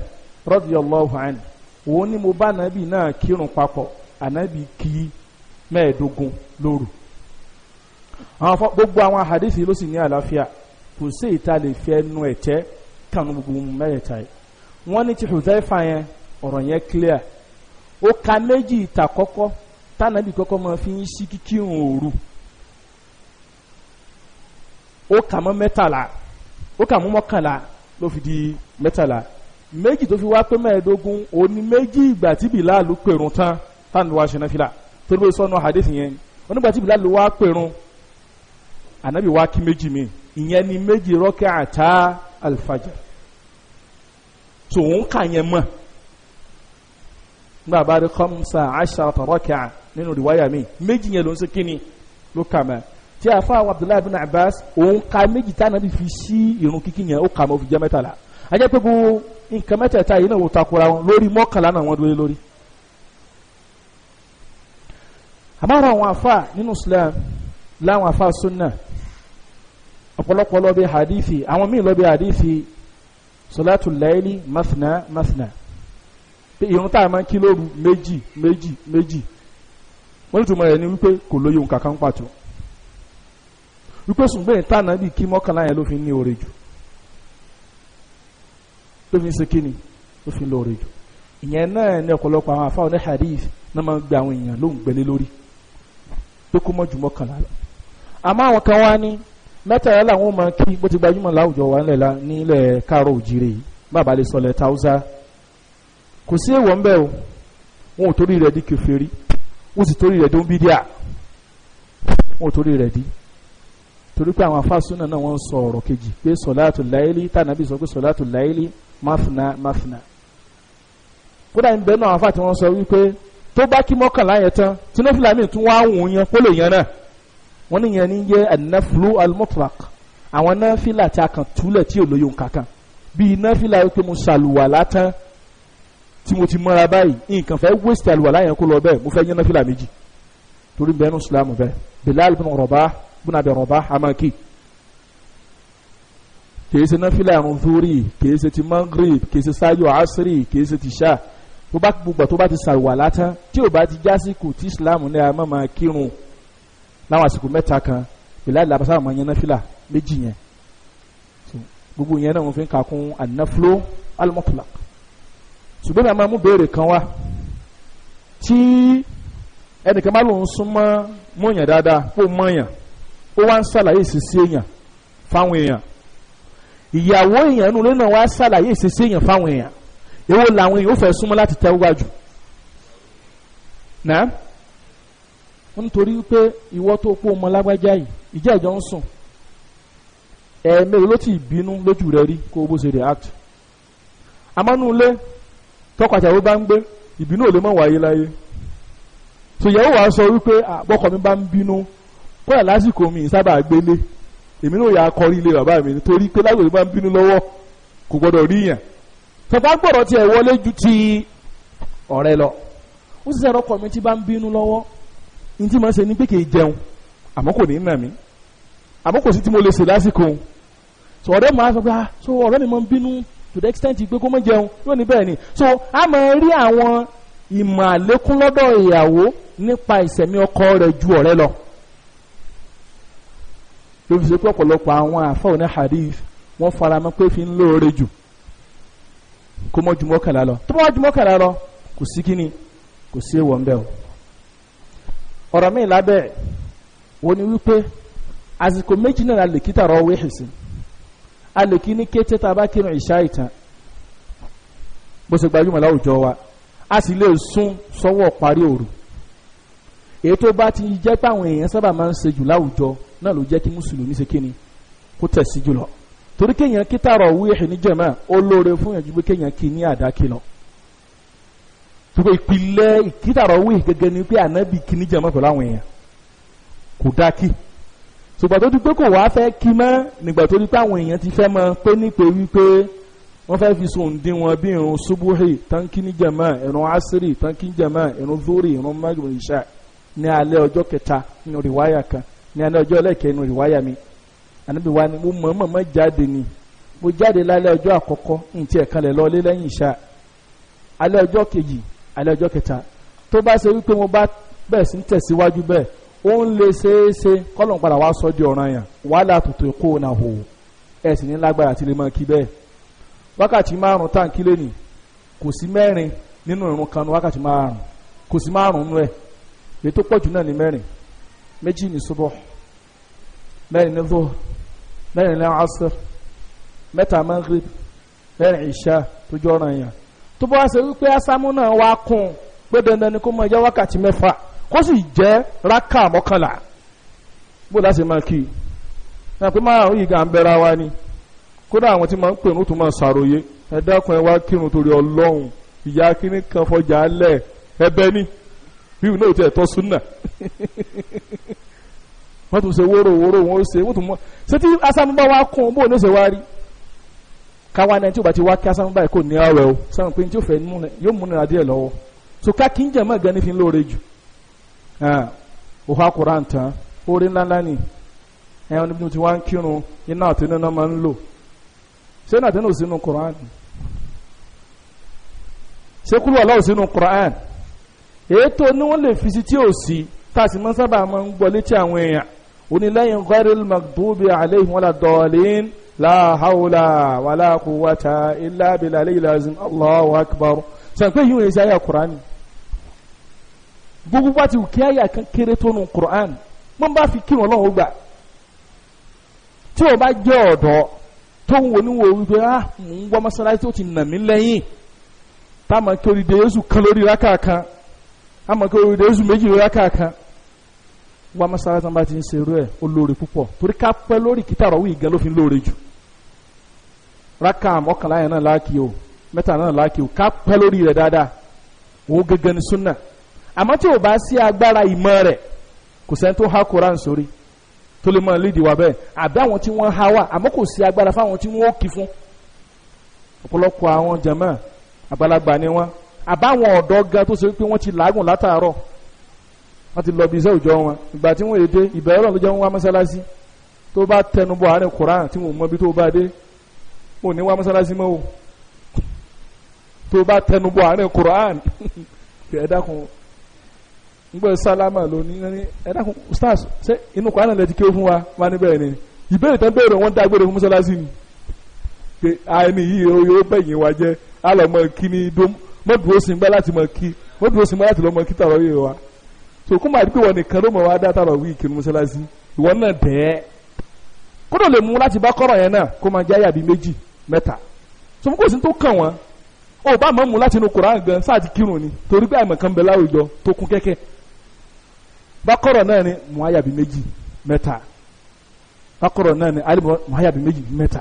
radiyallahu anhu òun ni mo bá anabi náà kírun papọ̀ anabi kí mẹ́ẹ̀ẹ́dógún lóru àwọn gbogbo àwọn àhàdísì ló sì ní àlàáfíà kò sí ìta lè fi ẹnu ẹ̀tẹ́ kànú gbogbo mẹ́ẹ̀ẹ́ta yìí wọ́n ní ti Hudhayfa yẹn ọ̀rọ̀ yẹn clear ó ka méjì ìta kọ́kọ́ tánàbì kọ́kọ́ máa fi ń ṣí kíkírun òru ó kà mọ́ mẹ́tàlá ó kà mọ́ mọ́kànlá ló fi di mẹ́tàlá méjì tó fi wá pé mẹ́ẹ̀ẹ́dógún òní méjì ìgbà tí Bilalu pèrún tán táwọn wá ṣẹ̀nà fìlà torí pé sọ́nà hadith yẹn onígbà tí Bilalu wá pèrún ànábì wá kí méjì mi ìyẹn ni méjì rọ́kẹ́ àtá alifajr tòun kà yẹn mọ̀ nígbà bá rí khamsa asharata rọ́kẹ́ nínú ìwáyà mi méjì yẹn ló ń ṣe kíni ló kà mẹ́ẹ̀ tí a fọ àwọn Abdullahi bin Abbas òun ka méjì tá nàbí fi sí irun kíkí yẹn ó kà mọ́ fi jẹ́ mẹ́tàlá ajẹ́ pé kó nǹkan mẹ́tẹ̀ẹ̀ta yìí náà wò takora wọn lórí mọ́kànlá náà wọ́n dúró lórí. àmọ́ àwọn afa nínú Islam láwọn afa sunna ọ̀pọ̀lọpọ̀ lọ́bẹ̀ hadithi àwọn míì lọ́bẹ̀ hadithi sọlátù láìlì mathna mathna pé irun tá a máa ń kí lóru méjì méjì méjì wọ́n ní tùmọ̀ rẹ̀ ni wípé kò lóye òǹkà kan pàtó wípé sùnbẹ́yìn tá ànábì kí mọ́kànlá yẹn ló fi ní oore jù ló fi ń ṣe kíni ló fi ń lóore jù ìyẹn náà ní ọ̀pọ̀lọpọ̀ àwọn afáwọn ní hadith náà máa ń gbé àwọn èèyàn ló ń gbélé lórí pé kó mọ́ ju mọ́kànlá lọ àmọ́ àwọn kan wá ní mẹ́tàlá làwọn ò máa kí bó ti gbajúmọ̀ láwùjọ wa nílẹ̀ nílẹ̀ káàrọ̀ òjìrè yìí bàbá lè sọlẹ̀ tàwùsá kò sí èèwọ̀ ńbẹ́ o wọn ò torí rẹ̀ di kèfèrí wọn sì torí rẹ̀ di ń bídíà wọn ò torí rẹ̀ di torí pé àwọn afásúnà náà wọ́n sọ ọ̀rọ̀ kejì pé sọ̀láàtù láìlí tànàbí sọ pé sọ̀láàtù láìlí máfìnà máfìnà kódà ń bẹ náà àwọn afáàtì wọ́n sọ wípé tó bá kí mọ́kànlá yẹn tán tinúfìlà míì tún wá wùn yẹn kó lè yẹn náà wọ́n níyẹn ní yẹ anáfìlú almutlaq àwọn náfìlà tí a kàn túlẹ̀ tí olóyè ń kankan bíi náfìlà pé mo ṣàlùwà látán tí mo ti mọ́ra báyìí nǹkan fẹ́ wéṣítì Bilal bin bùnà bẹ̀rọ̀ bá amaki kìí ṣe náfìlà àrùn zuri kìí ti mangrib kìí sayo asiri kìí ṣe ti ṣá tuba bá gbogbo tó bá ti ṣàrùwà látàn tí ò bá ti jásìkò tí islam ní a máa máa kírun láwọn àsìkò mẹ́ta kan ìlà ìlà àbáṣà máa yan náfìlà méjì yẹn gbogbo yẹn náà wọ́n fi ń kàkún anáfúló alimọ́tòlá ṣùgbọ́n mi àmọ́ mú béèrè kan wá tí ẹnìkan bá lòun súnmọ́ mọ̀yàn dáadáa kó mọ̀yàn ó wá ń ṣàlàyé ìṣesí èèyàn fáwọn èèyàn ìyàwó èèyàn nínú ilé náà wá ṣàlàyé ìṣesí èèyàn fáwọn èèyàn èwo làwọn èèyàn ó fẹ́ súnmọ́ láti tẹ́ wájú náà nítorí pé ìwọ tó kó ọmọ lágbájá yìí ìjà ìjọ ń sùn ẹ̀ẹ̀mẹ́rin ló ti bínú lójú rẹ rí kó o bó ṣe react amánúlé tọkọ àtàwọn bá ń gbé ìbínú ò lè mọ̀ wáyé láyé tòyẹ̀wò wàá sọ wípé àbọ̀kọ̀ mi bá ń bínú kódà lásìkò mi sábà gbélé èmi náà yà á kọrí ilé bàbá mi nítorí pé lágbègbè máa ń bínú lọ́wọ́ kò gbọ́dọ̀ rí yàn tọ́pá gbọ́dọ̀ tiẹ̀ wọlé ju ti ọ̀rẹ́ lọ ó sì sẹ́rọ̀ ọkọ mi tí bá ń bínú lọ́wọ́ ní tí màá ṣe ní pé kì í jẹun àmọ́ kò ní nà mí àmọ́ kò sí tí mo lè ṣe lásìkò so ọ̀rẹ́ màá sọ pé ah so ọ̀rẹ́ mi máa ń bínú to the extent pé kó mọ̀ jẹun yóò ní bẹ́ẹ̀ ni so a máa rí àwọn ìmọ̀ àlékún lọ́dọ̀ ìyàwó nípa ìsẹ̀mí ọkọ rẹ̀ ju ọ̀rẹ́ ló fi ṣe pé ọ̀pọ̀lọpọ̀ àwọn àfáà ní hadith wọ́n fara mọ́ pé fi ń lóore jù kó mọ́ ju mọ́kànlá lọ tó bá ju mọ́kànlá lọ kò sí kíni kò sí èèwọ̀ ńbẹ o ọ̀rọ̀ mi lábẹ́ wọ́n ní wípé àsìkò méjì náà lè kí tààrọ̀ wéhì sí a lè kí ní kété tá a bá kírun ìṣá ìtàn bó ṣe gbajúmọ̀ láwùjọ wa a sì lè sún sọ́wọ́ parí òru èyí tó bá ti jẹ́ pé àwọn èèyàn sábà máa ń ṣe jù láwùjọ náà ló jẹ́ kí mùsùlùmí ṣe kíni kó tẹ̀sí jùlọ torí kéèyàn kí tààrọ̀ wíyẹ̀ ní jẹ̀mọ́ ó lóore fún yẹn ju pé kéèyàn kí ní àdákì lọ tukọ̀ ìpìlẹ̀ ìkítàrọ̀ wíyẹ̀ gẹ́gẹ́ ni pé ànábì kí ní jẹ̀mọ́ pẹ̀lú àwọn èèyàn kò dákì ṣùgbọ́n tó ti pé kò wá fẹ́ kí mọ́ nígbà tó ti pé àwọn èèyàn ti fẹ́ mọ pé nípe wípé wọ́n fẹ́ fi sùn dín wọn bí irun subuhi tanki ní jẹ̀mọ́ irun asiri tanki ní jẹ̀mọ́ irun zuri irun magrib ìṣá ní alẹ́ ọjọ́ kẹta nínú rìwáyà kan ní alẹ́ ọjọ́ ẹlẹ́kẹ̀ẹ́nu ìwáyà mi ànábì wa ni mo mọ̀ọ́mọ̀ mọ̀ jáde ni mo jáde lálẹ́ ọjọ́ àkọ́kọ́ ntí ẹ̀kan lẹ̀ lọ́ọ́lé lẹ́yìn ìṣá alẹ́ ọjọ́ kejì alẹ́ ọjọ́ kẹta tó bá ṣe wípé mo bá bẹ̀rẹ̀ sí ń tẹ̀síwájú bẹ́ẹ̀ ó ń lè ṣeéṣe kọ́lọ̀ padà wá sọ di ọ̀ràn yàn wàhálà tuntun kó o nà hò ẹ̀ sì ní lágbára àti lè mọ kí bẹ́ẹ̀ wákàtí márùn táǹkì lé ní kò sí mẹ́rin nínú ìrun kan wákàtí márùn kò sí márùn nú ẹ̀ ètò pọ̀jù náà ní mẹ́rin méjì ní subọ mẹ́rin ní zuhur mẹ́rin ní asr mẹ́ta maghrib mẹ́rin ìṣá tó jọ ọ̀ràn yẹn tó bá ṣe wípé asámú náà wá kún pé dandan ni kó máa jẹ́ wákàtí mẹ́fà kó sì jẹ́ rákà mọ́kànlá bó láti máa kí i náà pé márùn yìí gà ń wa ni kódà àwọn tí máa ń pè ní tó máa ṣàròyé ẹ dákun ẹ wá kírun torí ọlọ́run ìyá kíní kan fọjà lẹ̀ ẹ̀bẹ̀ ni bíbí náà tẹ ẹ̀tọ́ súnà wọ́n tún ṣe wóró wóró wọn ó ṣe wọ́n tún mọ́ ṣé tí asámúbá wa kún bó ní ṣe wá rí káwa náà tí o bá ti wá kí asámúbá yìí kò ní àwẹ̀ o sáwọn pé ní tí o fẹ́ yóò mú nira díẹ̀ lọ́wọ́ so ká kí n jẹ̀ mọ́ gan ní fi lóore jù òhun akura ntàn orí ńláńlá ni ẹ̀yàn níbi tí wọ́n ń kírun iná àti iná máa ń lò ṣé náà tẹ́lẹ̀ ò sínú Kùránì ṣé kúrò ọlọ́ọ̀ sínú Kùránì ètò ni wọ́n lè fi sí tí ò sí tá a sì máa sábà máa ń gbọ́ létí àwọn èèyàn onílẹ̀yìn ghayril maghdubi alayhim wala ddallin la hawla wala quwwata illa billahi aliyyil azim allahu akbar sàpé yìí wọ́n yẹ sí àyà kùránì gbogbo bá ti wù kí àyà kan tó nu kùránì wọ́n bá fi kírun ọlọ́run gbà tí o bá jẹ́ ọ̀dọ́ tó ń wo níwò wípé ah ń wọ́ mọ́sálásí tó ti nà mí lẹ́yìn táwọn akéwìrì de yéṣu kan lórí àmọ́ kí òwúrọ̀ oṣù méjì lóra kàkan wá mọ́sálásí bá ti ń ṣerú ẹ̀ ó lóore púpọ̀ torí ká pẹ́ lórí kìtà rọ̀ wíì gan ló fi ń lóore jù rákà mọ́kànlá yẹn náà láàkì o mẹ́ta náà láàkì o ká pẹ́ lórí rẹ̀ dáadáa òun gẹ́gẹ́ ni súnà àmọ́ tí ò bá sí agbára ìmọ̀ rẹ̀ kò sẹ́ni tó há koran sórí tó lè mọ lídìí wa bẹ́ẹ̀ àbí àwọn tí wọ́n há wa àmọ́ kò sí agbára fáwọn tí wọ́n ó kì fún ọ̀pọ̀lọpọ̀ àwọn jàmáà àgbàlagbà ni wọ́n àbáwọn ọ̀dọ́ gan tó ṣe wípé wọ́n ti làágùn látàárọ̀ wọ́n ti lọ bí iṣẹ́ òòjọ́ wọn ìgbà tí wọ́n èdè ìbẹ̀rẹ̀ ọ̀rọ̀ ló jẹ́ wọn wá mọ́sálásí tó bá tẹnubọ̀ àárín koran tí wọ́n mọ ibi tó bá dé wọn ò ní wá mọ́sálásí mọ́ o tó bá tẹnubọ̀ àárín koran ẹ dákun ngbẹ sálámà lónìí ẹ dákun stars ṣe inú koran lẹ ti ké fún wa wá níbẹ̀ ni ìbéèrè tán béèrè wọn dágbére fún mọ́sálásí ni pé àìní yìí yóò bẹ̀yìn wa jẹ́ alọ́mọ kíní dómù mo dúró sí gbá láti mọ kí mo dúró sí gbá láti lọ mọ kí tàbá yìí wa so kó máa di pé wọn nìkan ló mọ wá dá tàbá wíì kinu mọ́sálásí ìwọ náà dẹ́ kódò lè mú láti bá kọ́rọ̀ yẹn náà kó máa jẹ́ àyàbí méjì mẹ́ta so kò sí tó kàn wọ́n ó bá mọ̀ mú láti inú koran gan sáà ti kírun ni torí pé àìmọ̀ kan bẹ láwùjọ tó kún kẹ́kẹ́ bá kọ́rọ̀ náà ni mú àyàbí méjì mẹ́ta bá kọ́rọ̀ náà ni àyàbí méjì mẹ́ta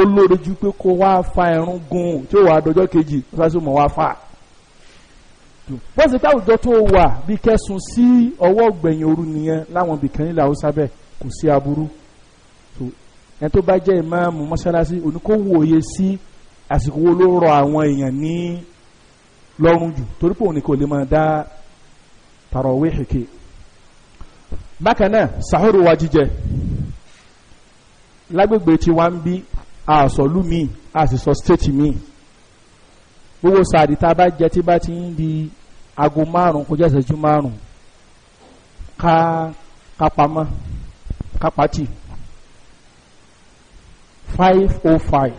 ó lóore ju pé kó wá fa ẹ̀rún gun tí ó wà dọjọ́ kejì mọ́ṣáláṣí ó mọ̀ wá fà. bó ṣe pé àwùjọ tó wà bí kẹsùn sí ọwọ́ gbẹ̀yìn òru nìyẹn láwọn ibìkan nílẹ̀ haúsá bẹ́ẹ̀ kò sí aburú. ẹni tó bá jẹ́ ìmáàmù mọ́ṣáláṣí oníkówòye sí àsìkò wo ló rọ àwọn èèyàn ní lọ́rùn jù torí pé òun ni kò lè máa dá tarawih ke bákan náà sahuru wa jíjẹ lágbègbè tí wọ́n ń bí a sọ lú mi a sì sọ stéètì mi gbogbo sààrì tá a bá jẹ tí bá ti ń di aago márùn kọjá ìṣẹ́jú márùn ká ká pamọ́ ká pàtì five oh five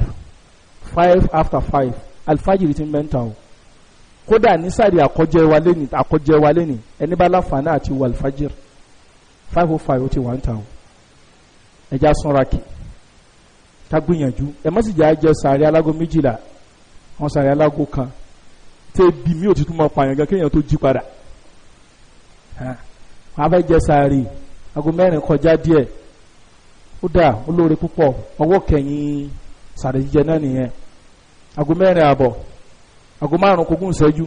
five after five alifajiri ti ń bẹ́ńtà o kódà ní sààrì àkọ́jẹ́ wa lẹ́nì àkọ́jẹ́ wa lẹ́nì ẹni bá láǹfààní àti wọ alifajiri five oh five ó ti wà ń ta o ẹja sọ́ra kìí ká gbìyànjú ẹ má sì já jẹ sàárẹ̀ alágo méjìlá wọn sàárẹ̀ alágo kan tẹ bí mi ò tuntun mọ pààyàn gan kéèyàn tó jí padà wọn abẹ jẹ sàárẹ̀ ago mẹ́rin kọjá díẹ̀ ó dà olóore púpọ̀ ọwọ́ kẹyìn sàárẹ̀ jíjẹ náà nìyẹn ago mẹ́rin àbọ̀ ago márùn kó ìṣẹ́jú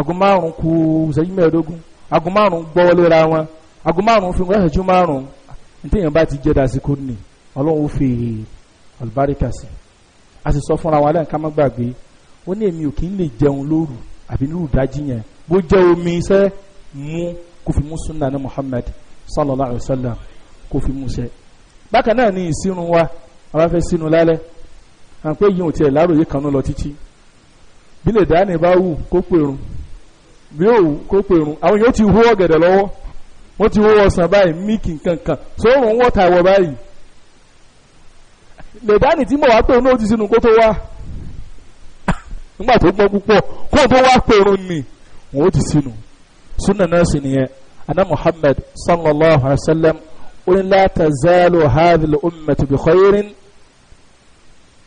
ago márùn kú ìṣẹ́jú mẹ́ẹ̀ẹ́dógún ago márùn gbọ́wọ́ lóra wọn ago márùn fi wọn ẹ̀ṣẹ́jú márùn ní téèyàn bá ti jẹ́ dasìkò nì ọlọ́run ó fi àlùbáríkà sí a sì sọ fúnra wa lẹ́ǹká má gbàgbé ó ní èmi ò kí ń lè jẹun lóru àbí lóru dájí yẹn bó jẹ́ omi iṣẹ́ mú kò fi mú sunna ní Muhammad sallallahu alayhi wa sallam kò fi mú iṣẹ́ bákan náà ní ìsínú wa àwọn afẹ́ sínú lálẹ́ à ń pé yìí ò tiẹ̀ láròyé kanú lọ títí bí lè dáni bá wù kó pèrún bí ó wù kó pèrún àwọn yóò ti hó ọ̀gẹ̀dẹ̀ lọ́wọ́ wọ́n ti hó ọsàn báyìí míìkì lẹ̀dánì tí mo wá pé òun ó ti sínú kó tó wá nígbà tó gbọ́ púpọ̀ kó tó wá pé òun ni òun ó ti sínú súnà náà sì nìyẹn ana Muhammad sallallahu alayhi wa sallam oní la tazalu hadhihi al-ummatu bi khayrin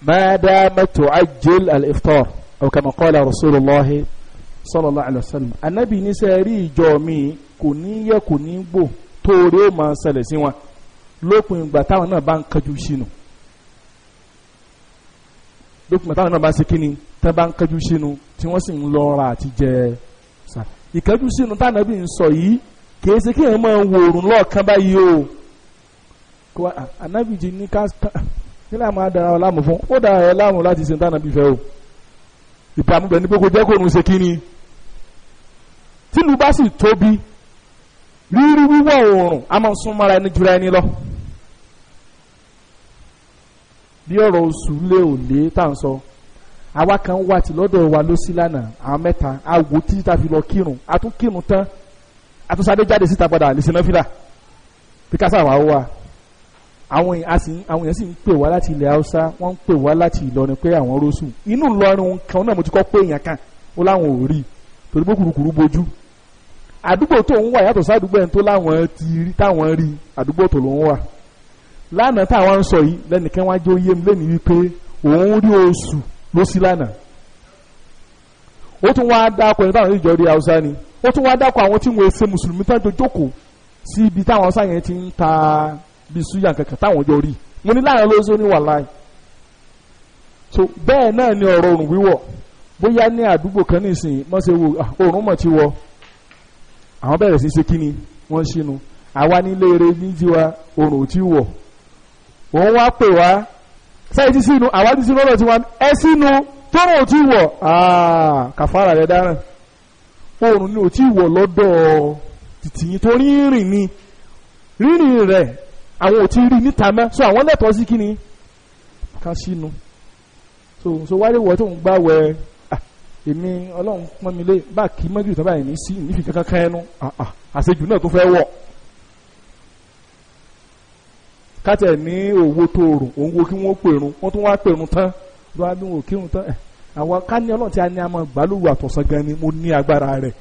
ma damat tu'ajjil al-iftar aw kama qala rasulullahi sallallahu alayhi wa sallam anabi ní sẹ́ẹ̀rí ìjọ mi kò ní yẹ kò ní gbò tóore ó máa ṣẹlẹ̀ sí wọn lópin ìgbà táwọn náà bá ń kájú sínú dókùmọ̀ táwọn náà bá ṣe kíni tẹ́ bá ń kẹ́jú sínú tí wọ́n sì ń lọ ra àti jẹ sà ìkẹ́jú sínú táwọn bí ń sọ yìí kì í ṣe kí èèyàn máa wòrùn lọ́ọ̀kan báyìí o kò ànábìjì ní ká kílẹ̀ àmọ́ adara ọlámù fún ó dara ẹ̀ láàmù láti ṣe táwọn bí fẹ́ o ìdààmú bẹ̀ ní gbogbo jẹ́ kó òun ṣe kíni tìlú bá sì tóbi rírí wíwọ̀ oòrùn a máa sún mọ́ra ẹni jura ẹni lọ bí ọ̀rọ̀ oṣù lé òlé tá à ń sọ àwa kan wà tí lọ́dọ̀ wa ló sí lánàá àwọn mẹ́ta a wò títí ta fi lọ kírun a tún kírun tán a tún sáré jáde síta padà lè sinna fílà píkásá wa wà àwọn èèyàn sì ń pè wá láti ilẹ̀ haúsá wọ́n ń pè wá láti ìlọrin pé àwọn rọ́ṣù inú ìlọrin kan náà mo ti kọ́ pé èèyàn kan ó láwọn ò rí torí pé kùrukùru bojú àdúgbò tó ń wà yàtọ̀ sádùúgbò ẹni tó láwọn ti rí táwọn rí àdúgbò tó ló ń wà lánàá táwọn ń sọ yìí lẹ́nìkan wá jẹ́ oyé mi lẹ́nìí wípé òun rí oṣù ló sí lánàá ó tún wá dákọ̀ ní táwọn ìjọ rí haúsá ni ó tún wá dákọ̀ àwọn tí wọ́n ṣe mùsùlùmí tán tó jókòó sí ibi táwọn haúsá yẹn ti ń ta bí suya kankan táwọn jọ rí mo ní lánàá lóṣù ní wàláì so bẹ́ẹ̀ náà ni ọ̀rọ̀ òrùn wíwọ̀ bóyá ní àdúgbò kan nísìnyí wọ́n ṣe wo òrùn mọ̀ ti wọ àwọn bẹ̀rẹ̀ sí ṣe kíni wọ́n ṣínú àwa nílé eré ní tiwa òrùn ò tí wọ̀ òun wá pè wá sáyé ti sínú àwa ti sínú ọ̀rọ̀ tí wọn ẹ sínú tọ́rọ̀ ò tí wọ̀ ah, kàfàrà rẹ̀ dáràn oòrùn ni ò tí wọ̀ lọ́dọ̀ tìtìyìn tó rírìn ni rírìn rẹ̀ àwọn ò tí rí níta mẹ́ so àwọn lẹ́tọ̀ọ́ sí kíni ká sínú so so wálé wọ tó ń gbá wẹ ah, èmi ọlọ́run pọ́n mi lé bá kí mọ́jú ìtàn báyìí ní sí ìnífi kankan kan ẹnu ah, àṣejù náà tó fẹ́ wọ̀ kátẹ̀ ní owó tó rùn òun wo kí wọ́n pèrun wọ́n tún wá pèrun tán ló wá bí wọn ò kírun tán àwọn ká ní ọlọ́run tí a ní àmọ́ gbàlúwò àtọ̀sán gan ni mo ní agbára rẹ̀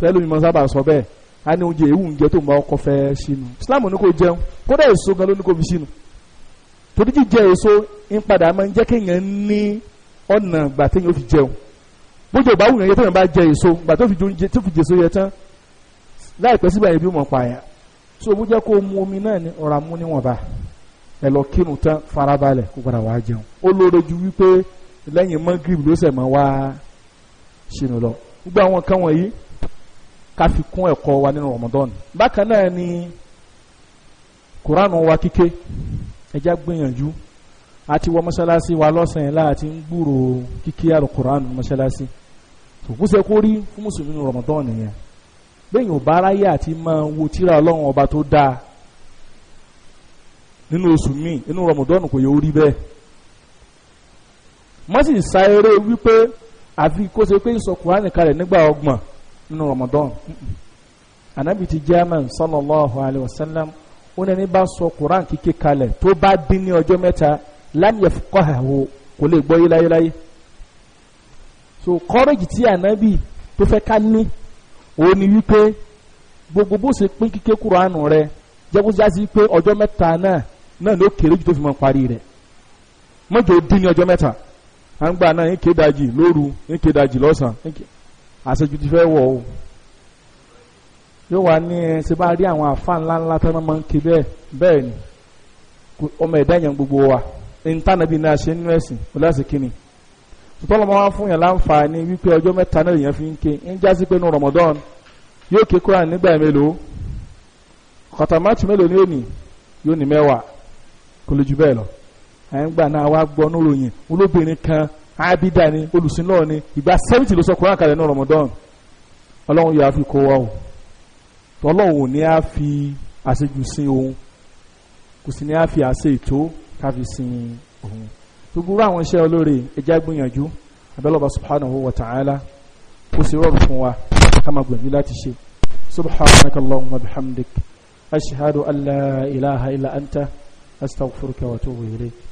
tẹ́lẹ̀ mi máa sábà sọ bẹ́ẹ̀ a ní oúnjẹ èwù oúnjẹ tó ń bá ọkọ fẹ́ sínú Islam ní kò jẹun kódà èso gan ló ní kò fi sínú torí jíjẹ èso ń padà máa ń jẹ́ kéèyàn ní ọ̀nà gbà téèyàn ó fi jẹun bójú ọba wù yẹn yẹ téèyàn bá jẹ èso gbà tó fi jẹ oúnjẹ tó fi jẹ èso yẹ tán láìpẹ́ síbẹ̀ yẹn bí wọ́n pa so bó jẹ́ kó mu omi náà ni ọ̀rọ̀ amú níwọ̀nba ẹ lọ kírun tán farabalẹ̀ kó padà wá jẹun ó lóore ju wípé lẹ́yìn magrib ló sẹ̀ mọ́ wá sínú lọ gbogbo àwọn kan wọ̀nyí ká fi kún ẹ̀kọ́ wa nínú Ramadan bákan náà ni kuranu wa kíké ẹja gbìyànjú àti wọ mọ́ṣáláṣí wa lọ́sàn-án láti ń gbúrò kíké àrùn kuranu mọ́ṣáláṣí kò kúṣe kó fún mùsùlùmí Ramadan nìyẹn bẹ́yìn ọba aráyé àti máa wo tíra ọlọ́run ọba tó dáa nínú oṣù míì nínú rọmọdọ́nù kò yẹ orí bẹ́ẹ̀ wọ́n sì sa wípé àfi kó ṣe pé ìsọkùnrin kalẹ̀ nígbà ọgbọ̀n nínú rọmọdọ́nù anabi ti german sallallahu alayhi wa sallam ó ní ẹni bá sọ quran kíké kalẹ̀ tó bá dín ní ọjọ́ mẹ́ta lam yafqahu kò lè gbọ́ yíláyíláyí so courage tí anabi tó fẹ́ ká ní òun ni wípé gbogbo bó ṣe pín kíké kúránù rẹ jẹ́ kó jásí pé ọjọ́ mẹ́ta náà náà ló kéré jù tó fi mọ́ parí rẹ̀ mọ́jọ dín ní ọjọ́ mẹ́ta à ń gbà náà ń ké dajì lóru ń ké dajì lọ́sàn-án àṣejù ti fẹ́ wọ̀ o yóò wá ní ẹ ṣe bá rí àwọn àfa ńlá ńlá tán máa ń ké bẹ́ẹ̀ bẹ́ẹ̀ ni ọmọ ẹ̀dá yẹn gbogbo wa ntànàbí náà ṣe nínú ẹ̀sìn ọlọ́sìn kìnnìkan ìtọ́lọ́mọ wa fún yàn láǹfààní wípé ọjọ́ mẹ́ta náà lèèyàn fi ń ké ń jásí pé nu Ramadan yóò ké Quran nígbà mélòó kọ̀tàmátì mélòó ni ènì yóò ní mẹ́wàá kò lè jù bẹ́ẹ̀ lọ. à ń gbà náà wá gbọ́ níròyìn olóbìnrin kan ábídà ni olùsìn náà ni ìgbà sẹ́mìtì ló sọ Quran kalẹ̀ nu Ramadan ọlọ́run yóò á fi kó wa o tọ́lọ́run ò ní á fi àṣejù sin òun kò sì ní á fi àṣe ètò ká fi sin òun gbogbo àwọn iṣẹ́ olóore ẹja gbìyànjú abẹ́lọ́ba subhanahu wa ta'ala kó sì rọrùn fún wa ká máa gbìyànjú láti ṣe subhanaka allahumma bihamdik ashhadu an la ilaha illa anta astaghfiruka wa atubu ilayk